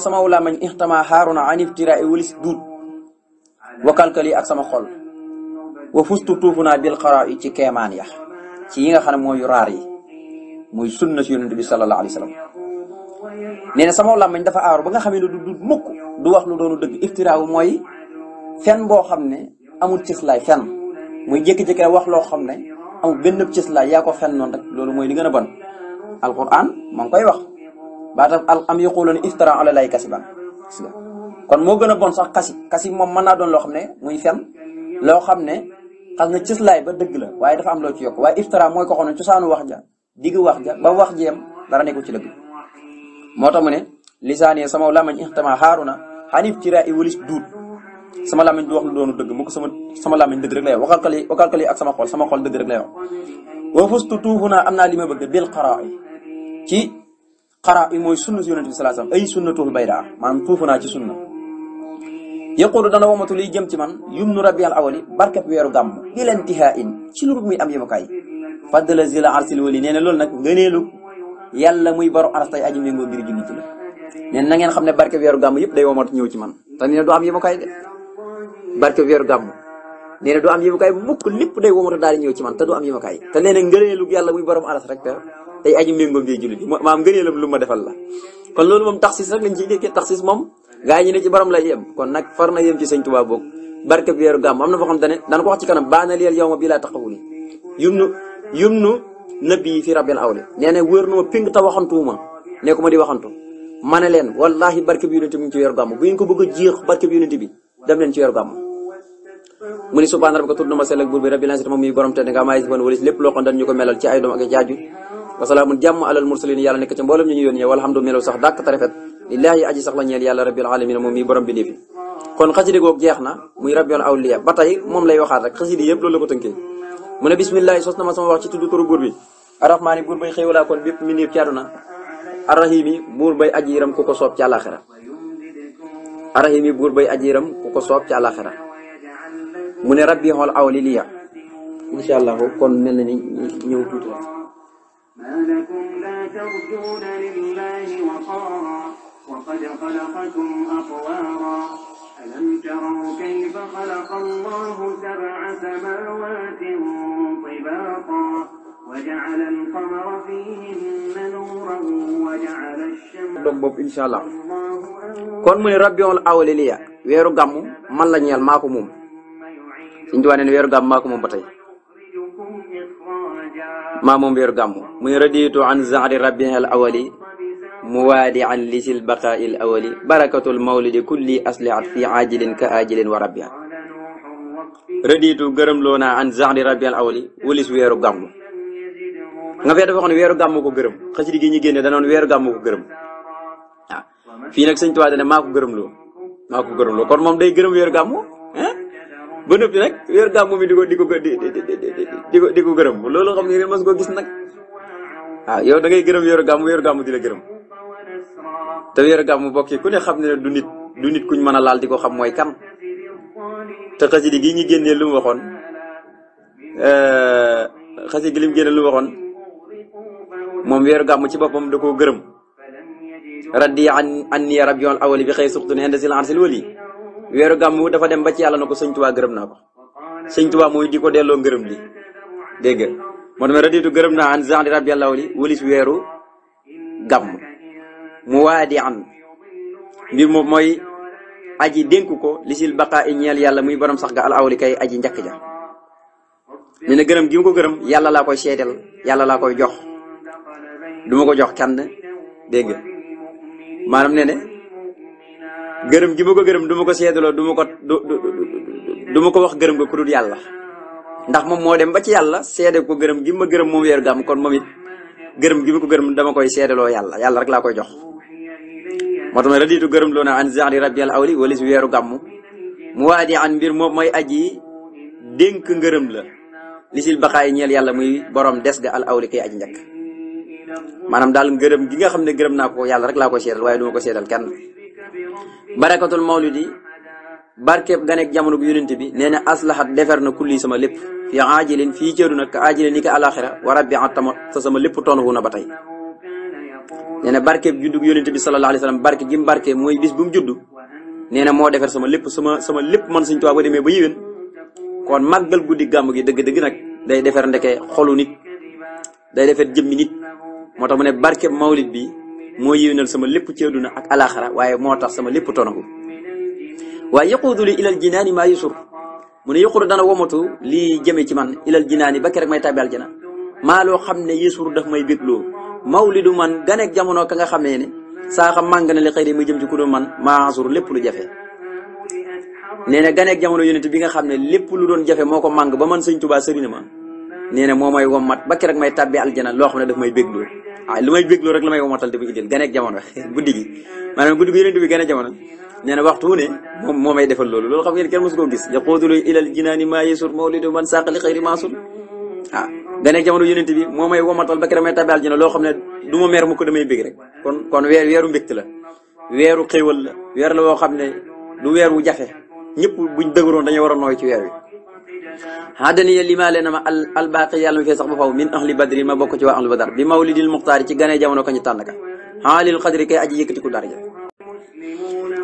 sama wula mañ ixtama xaaruna an i walis duut wa kalkali ak sama xol wa ci kéemaan ya ci yi nga xam ne mooy yu raar yi muy sunna si yonent bi sallallahu alayhi wa sallam nee na sama làmmiñ dafa aaru ba nga xam ne du du mukk du wax lu doonu dëgg iftiraawu mooy fen boo xam ne amul cislaay fen muy jékki-jékki rek wax loo xam ne amul benn cislaay yaa ko fen noonu rek loolu mooy li gën a bon alquran moo ngi koy wax baatam al am yaquluna iftara ala lay kasiban kon moo gën a bon sax kasi kasi moom mën naa doon loo xam ne muy fen loo xam ne xas na cislaay ba dëgg la waaye dafa am loo ci yokk waaye iftara mooy ko xam ne cosaanu wax ja diggu wax ja ba wax jeem dara nekkul ci dëgg moo tax mu ne lisaane sama lamañ ixtama xaaruna na ci ra i walis duut sama làmmiñ du wax lu doonu dëgg mu ko sama sama làmmiñ dëgg rek lay wax waxal waxal kali ak sama xol sama xol dëgg rek lay wax wa fustu tuufu naa am naa li ma bëgg bil xaraa ci xaraa yi mooy sunna si yonente bi salaa salaam ay sunnatul baydaa maanaam tuufu naa ci sunna yaquulu dana wamatu liy jëm ci man yum nu rabi al awali barkeb weeru gàmm ilantihaa in ci lu muy am yemukaay faddala zila arsil wali nee na loolu nag ngëneelu yàlla muy baru aras tay aji méngoo mbir julli ci la nee na ngeen xam ne barkeb weeru gàmm yëpp day wamatu ñëw ci man barke weeru gàmm nee na du am yëmukaay mukk lépp day womatu daal di ñëw ci man te du am yëmukaay te nee na yàlla muy borom aras rek tey aju méngoom jiy jullit maam ngëneelam lu ma defal la kon loolu moom taxsis rek lañ ciy déggee taxsis moom gaa ñi ne ci borom lay yem kon nag far na yem ci sëñ Tuubaa boog barke weeru gàmm am na foo xam te ne daan ko wax ci kanam baana leel yow ma bii laa taxawuli yumnu yumnu nabi fi rabbil aw nee na wër na ma ping te waxantuwuma ne ko ma di waxantu ma ne leen wallahi barke bi yonente bi mu ngi ci weeru gàmm bu ngeen ko a bi bi dem leen ci weeru mu ni subhaana rabbika tudd na ma sell buur bi rabbil izzati moom muy borom te nga maa yasifuun walis lépp loo xam ñu ko melal ci ay aju wasalaamun jàmm alal mursalin yàlla nekk ci mboolem ñu ñu yónnee walhamdu melaw sax dàkk te lillaahi aji sax la ñeel yàlla rabbil alamin moom muy borom bi néefi kon xasidi googu jeex na muy rabbion awliya ba tey moom lay waxaat rek xasidi yëpp loolu la ko tënkee mu ne bismillahi sos na ma sama wax ci mi néew ci àdduna arrahimi buur bay ko soob ci àllaaxira arrahimi mu ne rabbi xool aw li liya incha allahu kon mel na ni ñëw tuuti rek وقد خلقكم أطوارا ألم تروا كيف خلق الله سبع سماوات طباقا وجعل القمر فيهن نورا وجعل الشمس dog boobu incha allah kon mu ne rabbiul awliya weeru gàmmu man la ñeel maa ko moom suñ duwaa neen weeru gàmm maa moom ba maa moom weeru gàmm muy raditu an zahri rabbin al awali muwaadi an lisil baqaa il awali barakatul mawlidi kulli aslihat fi ajilin ka ajilin wa rabbiha raditu gërëm loo na an zahri rabbin al awali walis weeru gàmm nga fee dafa xam ne weeru gàmm ko gërëm xasida gi ñu génne danoon weeru gàmm ko gërëm waaw fii nag sëñ Tuubaa dana maa ko gërëm kon moom day gërëm weeru gàmm ba noppi nag weer gàmmu mi di ko di ko di di ko ko gërëm loolu xam ne mas koo gis nag waaw ah, yow da ngay gërëm weeru gàmmu weeru gàmmu di la gërëm te weeru gàmmu bokk yi ku ne xam ne du nit du nit kuñ mën a laal di ko mooy kan te xasidi gi ñu génnee lu mu waxoon eh, xasidi gi lim génne lu mu waxoon moom weeru gàmmu ci boppam da koo gërëm raddi an an anni rabion awali bi xëy suxtun inda sil arsil wali weeru gàmmu dafa dem ba ci yàlla na ko sëñ Tuubaa gërëm naa ko sëñ Tuubaa mooy di ko delloo ngërëm li dégg nga moo tax raditu gërëm naa an zandi rabbi yàlla li walis weeru gàmm mu waa an mbir moom mooy aji dénk ko li sil baqaa i ñeel yàlla muy borom sax ga al awli kay aji njëkk ja ne na ko gërëm yàlla laa koy seedeel yàlla laa koy jox du ko jox kenn dégg nga maanaam gërëm gi ma ko gërëm du ma ko seedaloo du ma ko du du ma ko wax gërëm ko ku yàlla ndax moom moo dem ba ci yàlla seede ko gërëm gi ma gërëm moom weeru gàmm kon moom it gërëm gi ma ko gërëm dama koy seedaloo yàlla yàlla rek laa koy jox moo tax ma gërëm loo na an zari rabial awli wala si weeru gàmm mu waa di mbir moom mooy aji dénk ngërëm la li sil baqaay ñeel yàlla muy borom des ga al awli kay aji njëkk maanaam daal ngërëm gi nga xam ne gërëm naa ko yàlla rek laa koy seedal waaye du ma ko seedal kenn barakatul mawlidi barkeeb ganeeg jamono bu yonent bi nee na aslahat defar na kulli sama lépp fi aajilin fii cëru na ka aajilin ni ko alaxira wa rabbi atama sa sama lépp toonu na ba tey nee na barkeeb juddu yonent bi sallallahu alayhi wa barke gi mu barke mooy bis bu mu judd nee na moo defar sama lépp sama sama lépp man suñ tubaab ba demee ba yéwén kon màggal guddi gàmm gi dëgg-dëgg nag day defar ndeke xolu nit day defer jëmmi nit moo tax mu ne barkeeb mawlid bi moo yéwénal sama lépp ci àdduna ak alaxara waaye moo tax sama lépp tonagu waaye yaquudu li ilal jinaani maa yusur mu ne yaquudu dana womatu lii jëme ci man ilal jinaani ba keroog may tàbbi aljana maa loo xam ne yusur daf may bégloo du man ganeeg jamono ka nga xam ne ne saaxa màng na li xëy mu jëm ci kudu man maa asur lépp lu jafe nee na ganeeg jamono yonent bi nga xam ne lépp lu doon jafe moo ko màng ba man sëñ tubaa sëriñ ma nee na moo may wommat ba keroog may tàbbi aljana loo xam ne daf may bégloo waaw ah, lu may bégloo rek la may womatal di ko indil ganeeg jamono guddi gi maanaam guddi gi yonent bi ganeeg jamono nee na waxtu ne moo may defal loolu loolu xam ngeen kenn mosu koo gis yaquudulu ilal jinaani maa yasur mawlidu man saqa li xayri maasur waaw ah, loo xam ne du ma meer mu ko damay bég rek kon kon weer weeru mbégte la weeru xéewal la weer la woo xam ne du weer wu jafe ñëpp buñ dëgëroon dañoo war a nooy ci weer wi xaadaniya limaale na ma al albaaqi yàlla mi fee sax ba faw min ahli badri ma bokk ci waa ahli badar bi mawlidil muxtaari ci ganee jamono ko ñu tànn ka xaalil xadri kay aji yëkkatiku daraja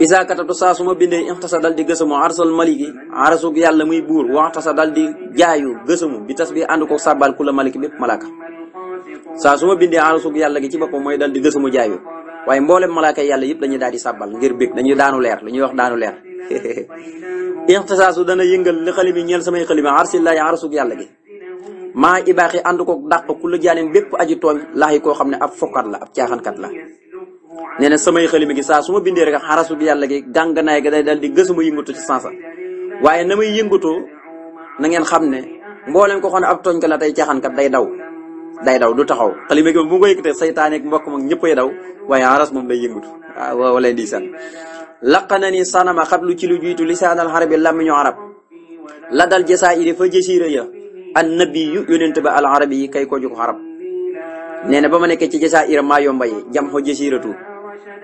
isa katabtu saa su ma bindee ixtasa dal di gësamu arsal maliki arsug yàlla muy buur waxtasa dal di jaayu gësamu bi tas bi ànd ko sàbbal kula maliki bépp malaaka saa su ma bindee arsug yàlla gi ci boppam mooy dal di gësamu jaayu waaye mboolem malaaka yàlla yëpp dañuy daal di sàbbal ngir leer lu ñuy wax daanu leer ixtisaasu dana yëngal li xalimi ñeel samay xalimi arsillaahi arsuk yàlla gi maa ibaaxi ànd ko daq ku la jaaleen bépp aji tooñ laay koo xam ne ab fokkat la ab caaxankat la nee na samay xalimi gi saa su bindee rek xarasuk yàlla gi gànganaay ga day daal di gësuma yëngatu ci sansa waaye na may yëngatoo na ngeen xam ne mbooleem ko xam ne ab tooñkat la tey caaxankat day daw day daw du taxaw xalima gi bu mu ko yëkkatee saytaan ak mbokk mag ñëppay daw waaye xaras moom day yëngatu laqana ni sanama lu ci lu li jiitu lisaanal xarabi làmmiñu arab la dal jasaa iri fa jasiira ya an nabiyu yonent ba al arabi yi kay ko jug xarab nee na ba ma nekkee ci jasaa ira maa yomba yi jam xo jasiiratu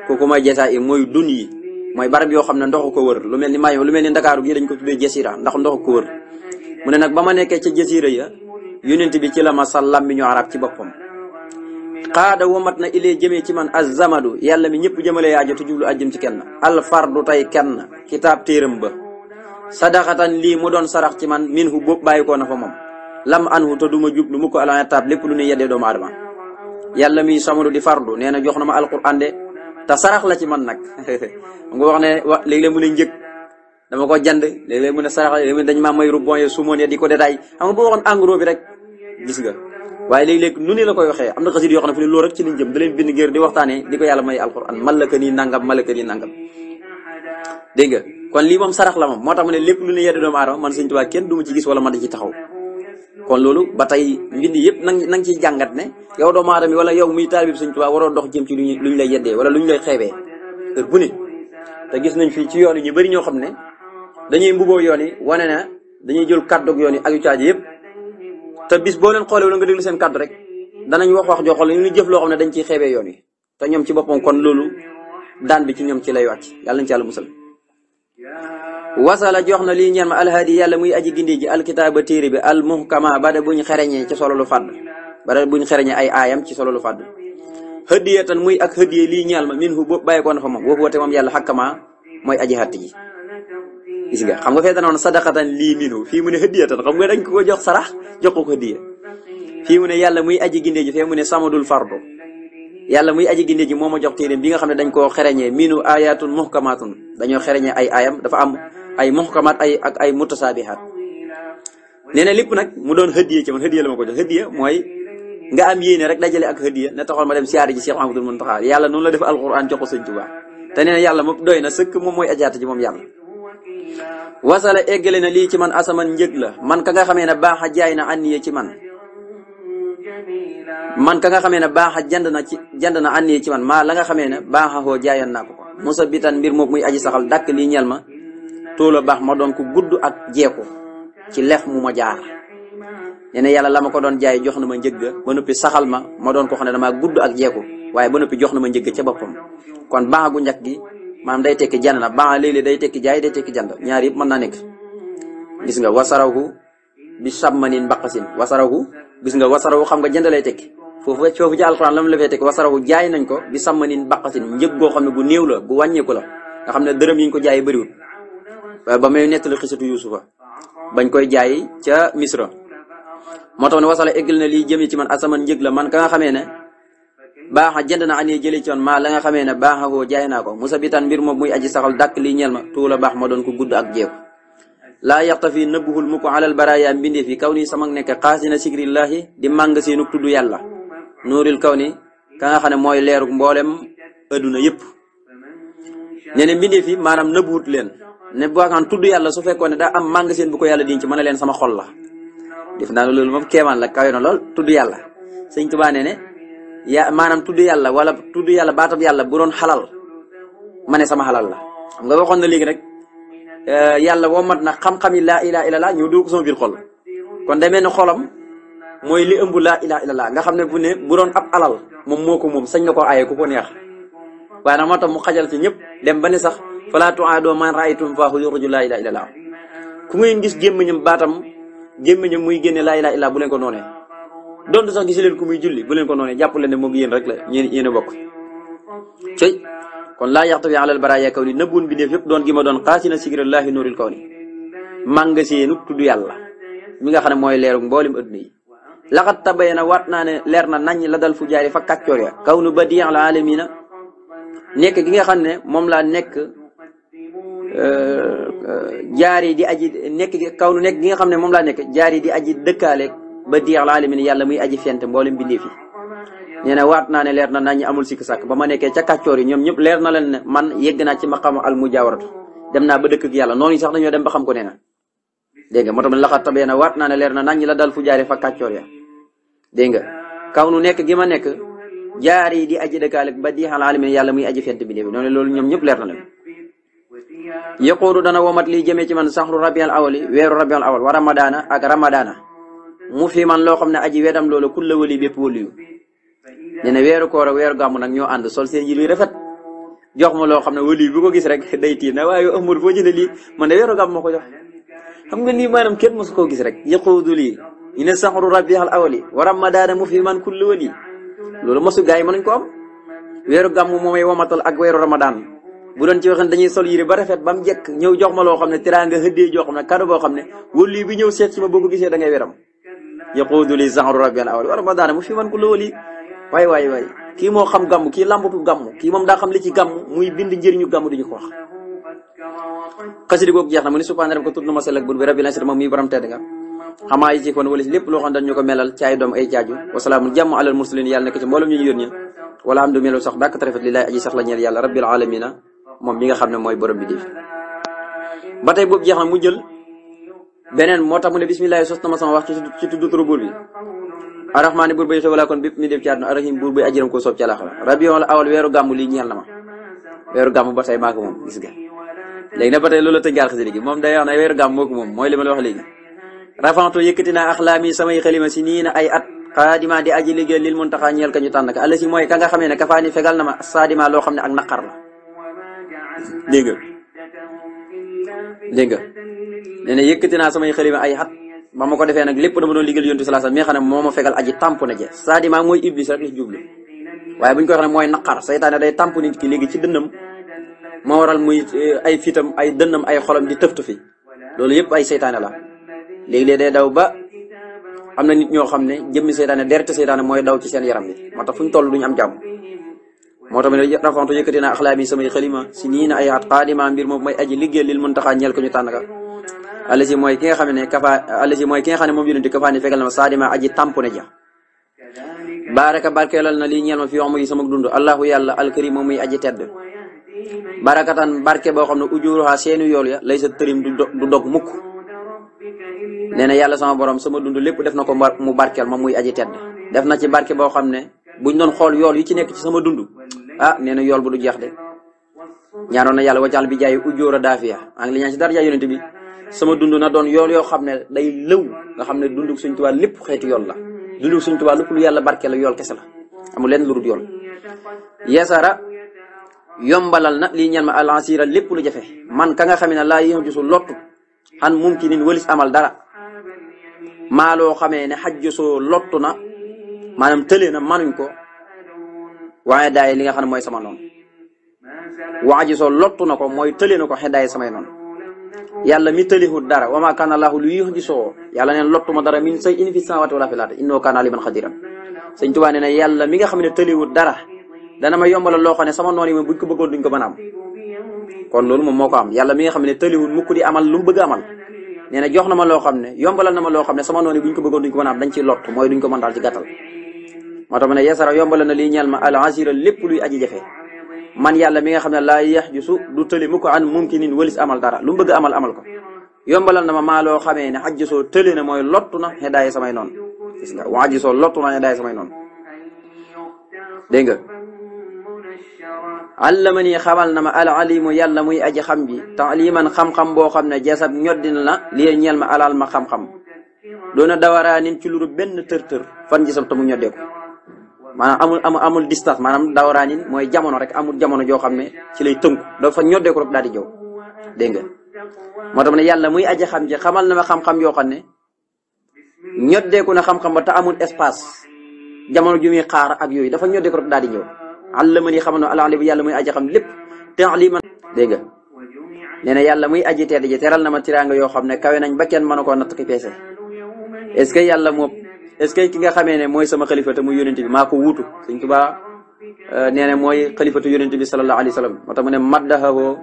kooku mooy jasaa ir mooy dun yi mooy barab yoo xam ne ndoxu ko wër lu mel ni maayo lu mel ni ndakaaru gi dañ ko tuddee jasiira ndax ndoxu ko wër mu ne nag ba ma nekkee ci jasiira ya yonent ci la ma sal làmmiñu ci boppam xaada womat na ilee jëmee ci man azzamadu yàlla mi ñëpp jëmale yaajo te jublu ajjëm ci kenn alfardu tey kenn kitaab téeram ba sadaxatan lii mu doon sarax ci man min hu boobu bàyyi koo na fa moom lam an hu te du ma jublu mu ko alan taab lépp lu ne yeddee doomu adama yàlla mi samadu di fardu nee jox na ma alquran de te sarax la ci man nag nga wax ne wa léeg-léeg mu ne njëkk dama ko jënd léeg-léeg mu ne sarax la léeg-léeg mu dañ maa may rubon ye sumoon di ko détaay xam nga bi rek waaye léeg-léeg nu ni la koy waxee am na xasida yoo xam ne fu ne loolu rek ci liñ jëm da bind ngir di waxtaanee di ko yàlla may alquran malaka nii nangam malaka nii nangam dégg nga kon lii moom sarax la moom moo tax ma ne lépp lu ne yeddi doomu aadama man Sëñ Tuubaa kenn du ma ci gis wala man da ci taxaw kon loolu ba tey mbind yëpp nang na nga ciy jàngat ne yow doomu aadama wala yow muy taalib Sëñ Tuubaa waroo dox jëm ci luñ luñ lay yeddee wala luñ lay xeebee heure bu ne gis nañ fii ci yoon yi ñu bëri ñoo xam ne dañuy mbuboo yoon yi wane na dañuy jël kàddu yoon yi ak yu yëpp te bis boo leen xoolee wala nga déglu seen kàddu rek danañ wax wax joo xool ñu jëf xam ne dañ ciy xeebee yoon wi te ñoom ci boppam kon loolu daan bi ñoom ci lay wàcc yàlla nañ ci yàlla musal a jox na lii ñeen ma alhaadi yàlla muy aji gindi ji alkitaaba téere bi almuhkama bada buñ xereñee ci solo lu fàdd bada buñ xereñee ay aayam ci solo lu fàdd hëddiyatan muy ak hëddiye lii ñeel ma min hu boobu bàyyi na fa moom woofu wate moom yàlla xakkama mooy aji xatt ji gis nga xam nga fee danoon sadaqatan lii minu fii mu ne hëddiyatan xam nga dañ ko ko jox sarax jox ko ko hëddiya fii mu yàlla muy aji gindee ji fee mu ne samadul fardo yàlla muy aji gindee ji moo ma jox téeréem bi nga xam ne dañ koo xereñee minu ayatun muhkamatun dañoo xereñee ay ayam dafa am ay muhkamat ay ak ay mutasaabihat nee na lépp nag mu doon hëddiya ci man hëddiya la ma ko jox hëddiya mooy nga am yéene rek dajale ak hëddiya ne taxoon ma dem siyaare ji la def alquran jox ko sëñ Tuubaa yàlla moom doy na sëkk moom mooy ajaata ji moom yàlla wasala eggale na lii ci man asaman njëg la man ka nga xamee ne baax a jaay na ànniyee ci man man ka nga xamee ne baax a na ci jënd na ànniyee ci man maa la nga xamee ne baax a xoo jaayan naa ko ko musa bitan mbir moom muy aji saxal dàkk lii ñel ma tóola baax ma doon ku gudd ak jeeku ci lex mu ma jaar nee yàlla la ma ko doon jaay jox na ma njëgg ba noppi saxal ma ma doon ko xam ne damaa gudd ak jeeku waaye ba noppi jox na ma njëg ca boppam kon baax gu njëkk maanaam day tekki janna baa léeg-léeg day tekki jaay day tekki janda ñaar yëpp mën naa nekk gis nga wasarahu bi sàmmanin mbaqasin wasarahu gis nga wasarahu xam nga jënd tekki foofu foofu la mu la fee jaay nañ ko bi sàmmanin mbaqasin njëg goo xam ne gu néew la gu wàññeeku la nga xam ne dërëm yiñ ko ko jaayee bëriwul ba may nettali xisatu yusufa bañ koy jaay ca misra moo tax ne wasala eggal na lii jëmi ci man asaman njëg la man ka nga xamee ne baax a jënd na anee jëlee coon maa la nga xamee ne baaxa woo jaay naa ko musa bitan mbir moom muy aji saxal dàkk lii ñel ma tuula baax ma doon ko gudd ak jeeku laa yaxtafi nëbbuhul mu ko alal baraya mbindeef yi kaw ni sama nekk xaasina sikrillahi di màng seenu tudd yàlla nuuril kaw ni ka nga xam ne mooy leeru mboolem adduna yëpp nee na mbindeef yi maanaam nëbbuwut leen ne baaxaan tudd yàlla su fekkoon ne daa am màng seen bu ko yàlla dinc mën a leen sama xolla la naa loolu moom kéemaan la kawe na lool tudd yàlla ya maanaam tudd yàlla wala tudd yàlla baatab yàlla bu doon xalal ma ne sama xalal la nga waxoon na léegi rek eh, yàlla woo mat na xam-xam yi laa ilaa illallah ñëw dugg ko xol kon demee ne xolam mooy li ëmb laa ilaa illallah nga xam ne bu ne bu doon ab alal moom moo ko moom sañ na koo aaye ku ko neex waaye nag moo tax mu xajal ci ñëpp dem ba ne sax falaa tuaadoo man raaytum faahu yuxriju laa ilaa illallah ku ngeen gis gémmiñam baatam gémmiñam muy génne laa ilaa illallah bu leen ko noonee donte sax gisi leen ko muy julli bu leen ko noonee jàpp leen ne moom yéen rek la ñeen bokk cey kon laa yaxtafi alal baraaya kaw ni nëbbuun bi def yëpp doon gi ma doon xaasina sikirallaahi nuuril kaw ni mànga seenu tudd yàlla mi nga xam ne mooy leeru mboolem adduna yi laxat tabaye na waat naa ne leer na nañ la dal fu jaari fa kàccoor ya kaw nu ba diyaan la alamina nekk gi nga xam ne moom laa nekk euh, euh, jaari di aji nekk kaw nu nekk gi nga xam ne moom laa nekk jaari di aji dëkkaale ba diir alamin yàlla muy aji fent mboolem bindéef yi nee na waat naa ne leer na nañu amul sikk sàkk ba ma nekkee ca kàccoor yi ñoom ñëpp leer na leen ne man yegg naa ci maqaama al mujaawaratu dem naa ba dëkk ak yàlla noonu sax dañoo dem ba xam ko nee na dégg nga moo tax laxat tabee na waat naa ne leer na nañu la dal jaare fa kàccoor ya dégg nga kaw nu nekk gi ma nekk jaar yi di aji dëkkaale ba diir alamin yàlla muy aji fent bindéef yi noonu loolu ñoom ñëpp leer na leen yëqoodu dana womat li jëmee ci man saxru rabial awali weeru rabial awal wa ramadaana ak ramadaana mu fi man loo xam ne aji wedam loola kul la wali bépp waliyu nee na weeru koor ak weeru gàmmu nag ñoo ànd sol seen yi luy rafet jox ma loo xam ne wali bu ko gis rek day tiit na waaye amul foo jëlee lii man de weeru gàmmu ma ko jox xam nga lii maanaam kenn mosu koo gis rek yaquudu lii ina saxru rabial awali wa ramadaana mu fi man kull wali loolu mosu gars yi mënuñ ko am weeru gàmmu moomay womatal ak weeru ramadaan bu doon ci waxee dañuy sol yére ba rafet ba mu jekk ñëw jox ma loo xam ne teraanga hëddee joo xam ne kado boo xam ne wali bi ñëw seet ci ma boo ko gisee da ngay weram yaquudu li zahru rabial awal war ma daane mu fi man ku lawali waay waay waay kii moo xam gàmm kii làmbatu gàmm kii moom daa xam li ci muy bind njëriñu gàmm duñu ñu ko melal ci doom ay jaaju wasalaamu jàmm alal mursalin yàlla nekk ci mboolem ñu ñu yónni wala am du melu sax dàkk tarafet li laay aji sax yàlla rabbil alamina moom mi nga xam ne mooy borom bi def ba jeex na mu jël beneen moo tax mu ne bisimilah sos na ma sama wax ci ci tudd turu buur bi arrahmaani buur bay xewalaa kon bépp mi def ci àdduna arrahim buur bay ajiram ko soob ci àlaxara la awal weeru gàmmu lii ñeel na ma weeru gàmmu ba tey moom gis nga léegi nag ba loolu la tënkaat xasida gi moom day weeru gàmmu moo ko moom mooy li ma la wax léegi rafantu yëkkati naa axlaami samay xalima si nii na ay at xaadima di aji liggéey lil muntaxaa ñeel ka ñu tànn ka àlla si mooy ka nga xamee ne kafaani fegal loo xam ne ak naqar la dégg dégg nga nee na yëkkati naa samay xalima ay at ba ma ko defee nag lépp dama doon liggéeyal yontu salaa sallam mi nga xam ne moo ma fegal aji tàmp na je c'est-à-dire mooy iblis rek li jublu waaye bu ñu koy xam ne mooy naqar saytaane day tamp nit ki léegi ci dënnam moo waral muy eh, ay fitam ay dënnam ay xolam di tëftu fi loolu yëpp ay seytaane la léegi-léeg day daw ba am na nit ñoo xam ne jëmmi saytaane deret saytaane mooy daw ci seen yaram bi moo tax fu ñu toll duñu am jàmm moo tax mu ne rakontu yëkkati naa axlaa bi samay xalima si nii na ay at xaadima mbir moom mooy aji liggéey lil mën taxaa ñeel ko ñu tànn mooy ki nga xam ne kafa mooy ne moom yonente kafaa ne fegal na ma saadima aji tampone ja baraka na lii ñeel ma fi yox muy sama dund allahu yàlla alkarim moom muy aji tedd barakatan barke boo xam ne ujuruha seenu yool ya lay sa tërim du dog mukk nee na yàlla sama borom sama dund lépp def na ko mu barkeel moom muy aji tedd def na ci barke boo xam ne buñ doon xool yool yi ci nekk ci sama dund ah nee na yool bu du jeex de ñaanoon na yàlla wajaal bi jaay ujóor a daafiya maa li ñaan ci dara jaay yonente bi sama dundu na doon yool yoo xam ne day lëw nga xam ne dundug Sëñ Tuubaa lépp xeetu yool la dundug suñ Tuubaa lépp lu yàlla barke la yool kese la amul leen lu dul yool yeesara yombalal na lii ñaan ma alansira lépp lu jafe man ka nga xam ne laa yéexam ci su lottu xan mumkinin walis amal dara maa loo xamee ne xaj soo lottu na maanaam tëlee na manuñ ko waaye daay li nga xam ne mooy sama noonu waa ji soo lottu na ko mooy tële na ko xeddaay samay noonu yàlla mi tëlihut dara wa maa kaana laahu li yuhdisoo yàlla neen lottuma dara min say in fi samaawaati wala fil ardi innoo kaana aliman xadiran sëñ Tuubaa nee na yàlla mi nga xam ne tëlihut dara dana ma yombalal loo xam ne sama noon yi moom buñ ko bëggoon duñ ko mën a am kon moom moo ko am yàlla mi nga xam ne tëlihut mukk di amal lu mu a amal nee na jox na ma loo xam ne yombalal na ma loo xam ne sama noon yi buñ ko bëggoon ko mën a am ci lott mooy duñ ko mën daal ci gàttal moo tax mu ne yasara yombal na lii ñeel ma al asira lépp luy aji jafe man yàlla mi nga xam ne laa yeex jusu du tëli mu ko an mumkinin walis amal dara lu mu bëgg amal amal ko yombalal na ma maa loo xamee ne ajjisoo tëli na mooy lottu na xedaaye samay noon gis nga wa ajjisoo lottu na xedaaye samay noonu dégg nga allama nii xamal na ma al alimu yàlla muy aji xam bi taaliman xam-xam boo xam ne jasab ñoddina na lii ñeel ma alal ma xam-xam doona dawaraanin ci luru benn tër tër fan gisam ta mu ñoddeeku maanaam amul amul amul distance maanaam dawraanin mooy jamono rek amul jamono joo xam ne ci lay tënku fa ñoddeeku rek daal di jow dégg nga moo tam ne yàlla muy aji xam ji xamal na ma xam yoo xam ne ñoddeeku na xam-xam te amul espace jamono ju muy xaar ak yooyu dafa ñoddeeku rek daal di ñëw àllama ni xamal na alaali bi yàlla muy aji xam lépp taaliman dégg nga nee na yàlla muy aji tedd ji teral na ma tiraanga yoo xam ne kawe nañ ba kenn mën a koo natt ki peese est-ce yàlla moom est-ce que ki nga xamee ne mooy sama xalifa te muy yonente bi maa ko wuutu sëñ Tuubaa euh, nee na mooy xalifatu yonente bi sallallahu alayhi wa sallam moo tax mu ne maddaxawoo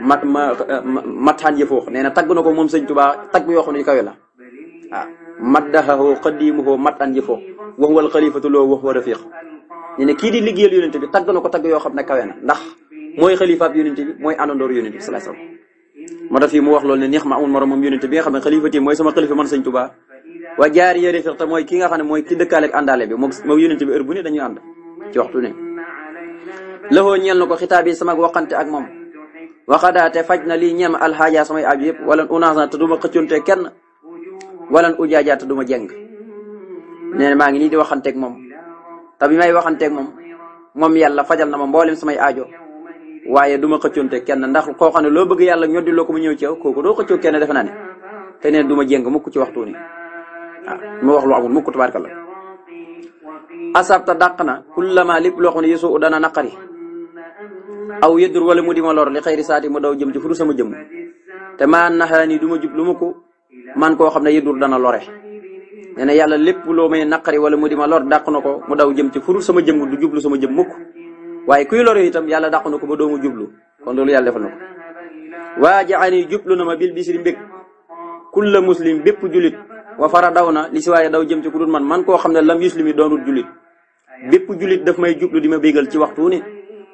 mat ma euh, matxaan yëfoox nee na tagg na ko moom sëñ Tuubaa tagg yoo xam ne la waaw maddaxawoo xadiimuhoo mat an yëfoox wax wal xalifatu loo wax wa rafiq ñu ne kii bi tagg na ko tagg yo xam ne kawe na ndax mooy xalifaab yonente bi mooy àndandoor yonente bi sallallahu alayhi wa mu wax loolu ne neex ma amul moroom moom yonente bi nga xam ne xalifati mooy sama xalifa man sëñ Tuubaa wa jaari yëri fiq te mooy ki nga xam ne mooy ki dëkkaaleeg àndaale bi moom moom yonent bi heure bu ne dañuy ànd ci waxtu ne ñeel na ko xitaab yi sama waxante ak moom waxadaate faj na lii ñeem alxaaja samay aju yëpp wala unaasa te duma xëccoonte kenn wala ujaaja te duma jeng nee na maa ngi nii di waxanteeg moom te bi waxanteeg moom moom yàlla fajal na ma mboolem samay ajo waaye du ma xëccoonte kenn ndax koo xam ne loo bëgg yàlla ñoddi loo ko mu ñëw ci yow kooku doo xëccoo kenn defe naa ne te ma jéng mukk ci waxtu ni mu wax lu amul mukk tabaarkalla asabta dàq na kullama lépp loo xam ne yesu dana naqari aw yëddur wala mu di ma lor li xëyri saati mu daw jëm ci furu sama jëmm te maa naxaa nii du ma jub lu ma ko man koo xam ne yëddur dana lore nee na yàlla lépp loo may naqari wala mu di ma lor dàq na ko mu daw jëm ci furu sama jëmm du jublu sama jëm mukk waaye kuy lore itam yàlla dàq na ko ba doomu jublu kon loolu yàlla defal na ko waa jaani jublu na ma bil bisri mbég kulla muslim bépp julit wa fara daw na li daw jëm ci ku dul man man koo xam ne lam yuslimi doonul julit bépp julit daf may jublu di ma bégal ci waxtu ne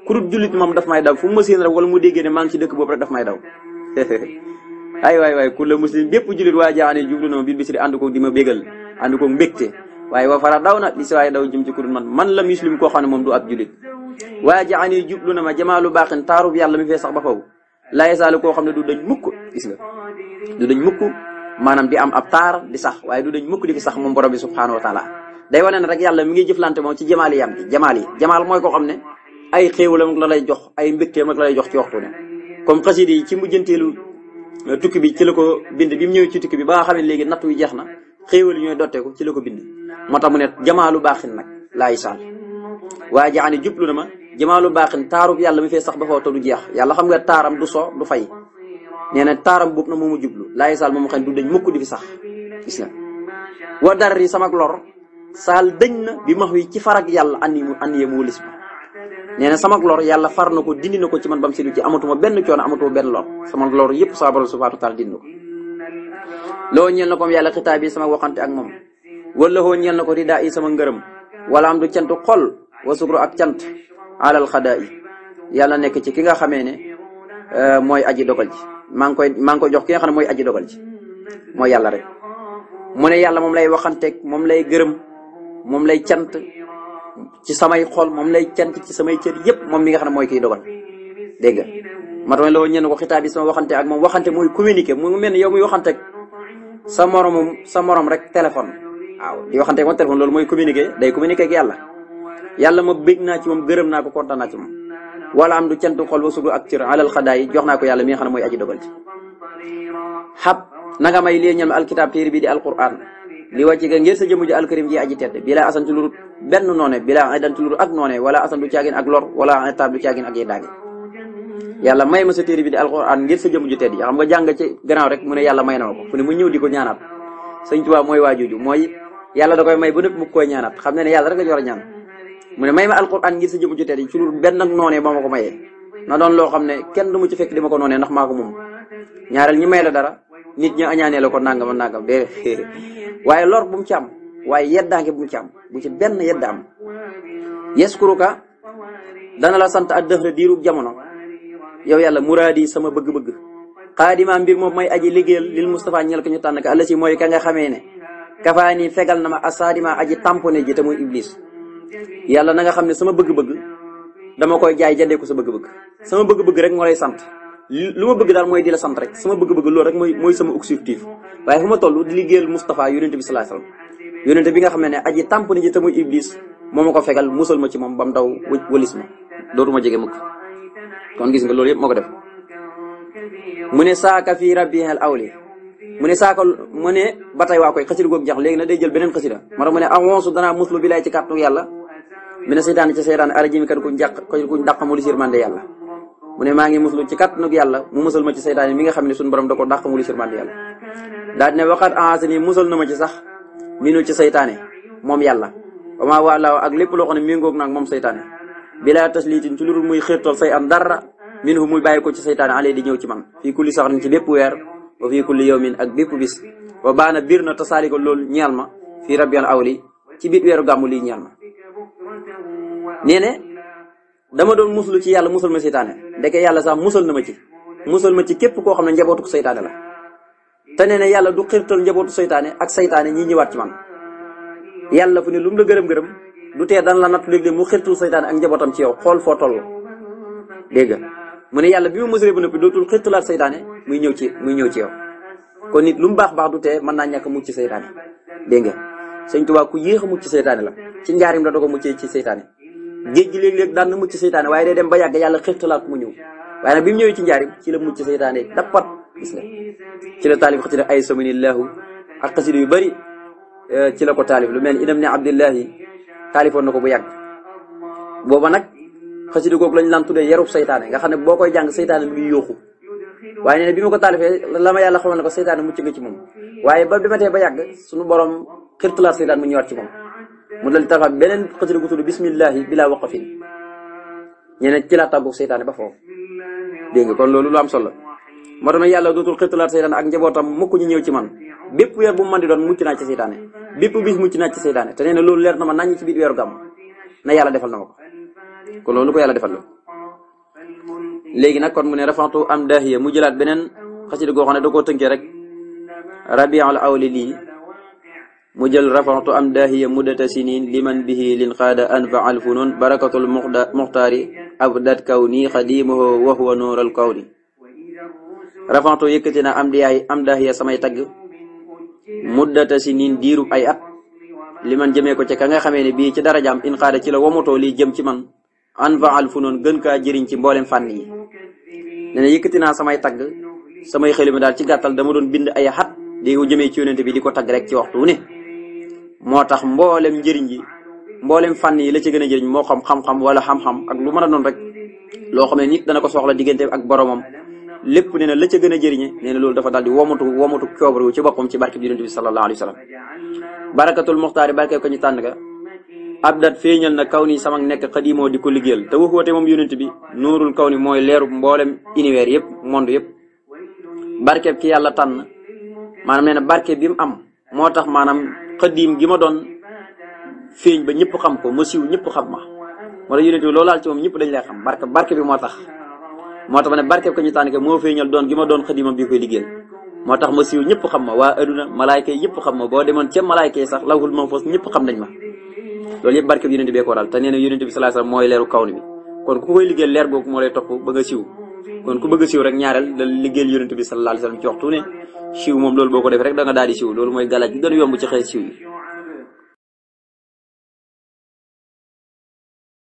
ku dul julit moom daf may daw fu mu ma rek wala mu déggee ne maa ngi ci dëkk boobu rek waay waay ku la muslim bépp julit waa jaane jublu na ma bil bisri ànd ko di ma bégal na li si waaye daw jëm ci ku dul man man lam yuslim koo xam ne moom du ab julit waa jaane jublu na ma jamaalu baaxin taarub yàlla mi fee sax ba faw laa yasaalu koo xam ne du dañ mukk gis nga du mukk maanaam di am ab taar di sax waaye du dañ mukk di fi sax moom borom bi subhaanahu wa taala day wane ne rek yàlla mi ngi jëflante moom ci jamaal yam gi jamaal yi jamaal mooy koo xam ne ay xéewalam ak la lay jox ay mbégteem ak la lay jox ci waxtu ne comme xasida yi ci mujjanteelu euh, tukki bi ci la ko bind bi mu ñëw ci tukki bi ba nga xam ne léegi nattu yi jeex na xéewal yi ñooy dottee ko ci la ko bind moo tax mu ne jamaalu baaxin nag laay saal waaye jaani jublu na ma jamaalu baaxin taarub yàlla mi fee sax ba foo te jeex yàlla xam nga taaram du so du nee na taaram boobu na moomu jublu laay saal moomu xam du dañ mukk di fi sax wa dar yi sama lor saal dañ na bi max wi ci farag yàlla andi mu andi mu wëlis yàlla far na ko dindi na ko ci man bam si ci amatuma benn coono amatuma benn lor sama lor yëpp saa borom subhaanahu wa taala ko yàlla xitaab yi sama waxante ak moom wala hoo ñeel ko ridaa yi sama ngërëm wala am du cant xol wa sukru ak cant alal xadaa yi yàlla nekk ci ki nga xamee ne euh, mooy aji dogal maa ngi koy maa ngi koy jox ki nga xam ne mooy aji dogal ji mooy yàlla rek mu ne yàlla moom lay waxanteeg moom lay gërëm moom lay cant ci samay xool moom lay cant ci samay cër yëpp moom mi nga xam ne mooy kiy dogal dégg nga ma tamit loolu ñenn ko xitaab bi sama waxante moom waxante mooy communiqué mu mel ni yow muy waxante ak sa moromum sa morom rek téléphone waaw di waxante ak moom téléphone loolu mooy communiqué day communiqué ak yàlla yàlla ma bég naa ci moom gërëm naa ko kontaan wala am du cantu xol wasudu ak cër a xadaa yi jox naa ko yàlla mi nga xam ne mooy aji dogal ci xab na may lée ñal ma alkitaab téere bi di alquran li wàcc ga ngir sa jëmu ji alkarim ji aji tedd bilaa asan benn noone bilaa noone wala asan du ak lor wala etaab du caagin ak yeddaage yàlla may ma sa téere bi de di alquran ngir sa jëmu ji tedd yi xam nga jàng ci gannaaw rek mu ne yàlla may na ma ko fu ne mu ñëw di ko ñaanaat sëñ Tuubaa mooy waajuju mooy yàlla da koy may ba nëpp mu koy ñaanaat xam ne ne yàlla rek la ñu war a ñaan mu ne may ma alquran ngir sa jëmu ju tedd ci lu benn ak noonee ba ma ko mayee na doon loo xam ne kenn du mu ci fekk di ma ko noonee ndax maa ko moom ñaareel ñi may la dara nit ñi añaanee la ko nangam ak waaye lor bu mu ci am waaye yeddaange bu mu ci am bu ci benn yedda am yeskuruka dana la sant ak dëxra diiru jamono yow yàlla muraadi sama bëgg-bëgg xaadima mbir moom may aji liggéeyal lil Moustapha ñel ko ñu tànn ka àlla si mooy ka nga xamee ne kafaani fegal na ma asaadima aji tamponé ji te muy iblis yàlla na nga xam ne sama bëgg-bëgg dama koy jaay jëndee ko sa bëgg-bëgg sama bëgg-bëgg rek moo lay sant lu ma bëgg daal mooy di la sant rek sama bëgg-bëgg loolu rek mooy mooy sama objectif waaye fu ma toll di liggéeyal Moustapha yonente bi salaay salaam yonente bi nga xam ne ne aji tàmp ni ji te muy Iblis moo ma ko fegal musal ma ci moom ba mu daw walis ma dootuma jege mukk kon gis nga loolu yëpp moo ko def mu ne saaka fii rabbihal awli mu ne saaka mu ne ba tey waa koy xasida googu jax léegi na day jël beneen xasida ma ne mu ne awonsu danaa muslu bi lay ci kàttu yàlla mi ne seytaane ci seytaane arajimi kat kuñ jàq kuñ dàq mu li sirmande yàlla mu ne maa ngi muslu ci kat nug yàlla mu musal ma ci seytaane mi nga xam ne suñu borom da ko dàq mu li sirmande yàlla daal ne waxaat aasani musal na ma ci sax minu ci seytaane moom yàlla wama waalaaw ak lépp loo xam ne méngoog naag moom seytaane bilaa tasliitin ci lurul muy xirtal say an dara min hu muy bàyyi ko ci seytaane ale di ñëw ci man fii kulli saxrin ci bépp weer wa fii kulli yawmin ak bépp bis wa baana biir na tasaali ko loolu ñeel ma fii rabial awli ci biir weeru gàmmu lii ñeel ma nee ne dama doon muslu ci yàlla musul ma seytaane ndeke yàlla sax musal na ma ci musal ma ci képp koo xam ne njabootu seytaane la te nee yàlla du xirtal njabootu seytaane ak seytaane ñii ñëwaat ci man yàlla fu ne lu mu la gërëm-gërëm du tee dan la natt léeg-léeg mu xirtul seytaane ak njabootam ci yow xool foo toll dégg mu ne yàlla bi ma musalee ba noppi dootul xirtalaat seytaane muy ñëw ci muy ñëw ci yow kon nit lu mu baax baax du tee mën naa ñàkk mucc ci seytaane dégg sëñ Tuubaa ku yéex a mucc seytaane la ci njaarim la doog a muccee ci seytaane géej léeg-léeg daan na mucc seytaane waaye day dem ba yàgg yàlla xeftalaat ci la mucc seytaane dappat gis ci la taalif xasida ay saminillahu ak xasida yu bëri eh, ci la ko taalif lu mel ni inam ne abdillahi taalifoon na ko bu yàgg booba nag xasida la lañ lan tuddee yarub seytaane nga xam ne boo koy jàng seytaane mu ngi yóoxu waaye nee na bi ma la yàlla xamal ne ko seytaane mucc nga ci moom waaye ba dematee ba yàgg suñu borom xirtalaat lay daan mu ñëwaat ci moom mu dal tafa beneen xasida gu tudd bismillahi bilaa waqafin ñeneen ci laa tàggu seytaane ba foofu dégg nga kon loolu lu am solo moo tax yàlla dootul xirtalaat seytaane ak njabootam mukk ñu ñëw ci man weer bu mu mën di mucc naa ci seytaane bépp bis mucc naa ci seytaane te nee loolu leer na ma ci biir weeru gàmm na yàlla defal na ko kon loolu ko yàlla defal la léegi nag kon mu ne rafantu a daahiya mu jëlaat beneen xasida goo xam ne da koo tënkee rek mu jël rafantu am daahiya muddata sinin liman bihi lin xaada anfa al funun barakatul muxtaari ab dat kaw nii xadiimahu wa huwa nuural kaw ni rafantu yëkkati na am daahiya am daahiya samay tagg muddata sinin diirub ay at liman jëmee ko ci ka nga xamee ne bii ci darajaam in xaada ci la wamutoo lii jëm ci man anfa al funun gën kaa jëriñ ci mboolem fànn yi ne ne naa samay tagg samay xelima daal ci gàttal dama doon bind ay xat di o jëmee ci yonente bi di ko tagg rek ci waxtu moo tax mboolem njëriñ yi mboolem fànn yi la ci gën a jëriñ moo xam xam-xam wala xam-xam ak lu man a doon rek loo xam ne nit dana ko soxla diggante ak boromam lépp nee na la ca gën a jëriñe nee loolu dafa daal di womatu womatu coobaru ci boppam ci barkeb yonent bi sallallahu alayhi wa sallam barakatul muxtaari barkeb ko ñu tànn ga abdat feeñal na kaw ni sama nekk moo di ko liggéeyal te waxoote moom yonent bi nuurul kaw ni mooy leeru mboolem univers yëpp monde yëpp barkeb ki yàlla tànn maanaam nee na barkeb bi mu am moo tax maanaam xadiim gi ma doon feeñ ba ñëpp xam ko ma siiw ñëpp xam ma moo tax ñëpp dañ lay xam barke barke bi moo moo tax ma ne barke bi ko ñu moo feeñal doon gi ma doon xadiimam bi koy tax ma siiw ñëpp xam ma waa aduna malaayka yi xam ma boo demoon ca malaayka yi sax lawhul mahfuus ñëpp xam nañ ma loolu yëpp barke bi yonent bee ko waral te nee na yonent bi sallallahu alayhi wasallam mooy leeru kawn bi kon ku koy liggéeyal leer googu moo lay topp ba nga siiw kon ku bëgg a siiw rek ñaareel da liggéeyal yonent bi sallallahu alayhi wasallam ci siiw moom loolu boo ko defee rek da nga daal loolu mooy galaaj bi a yomb ci xeet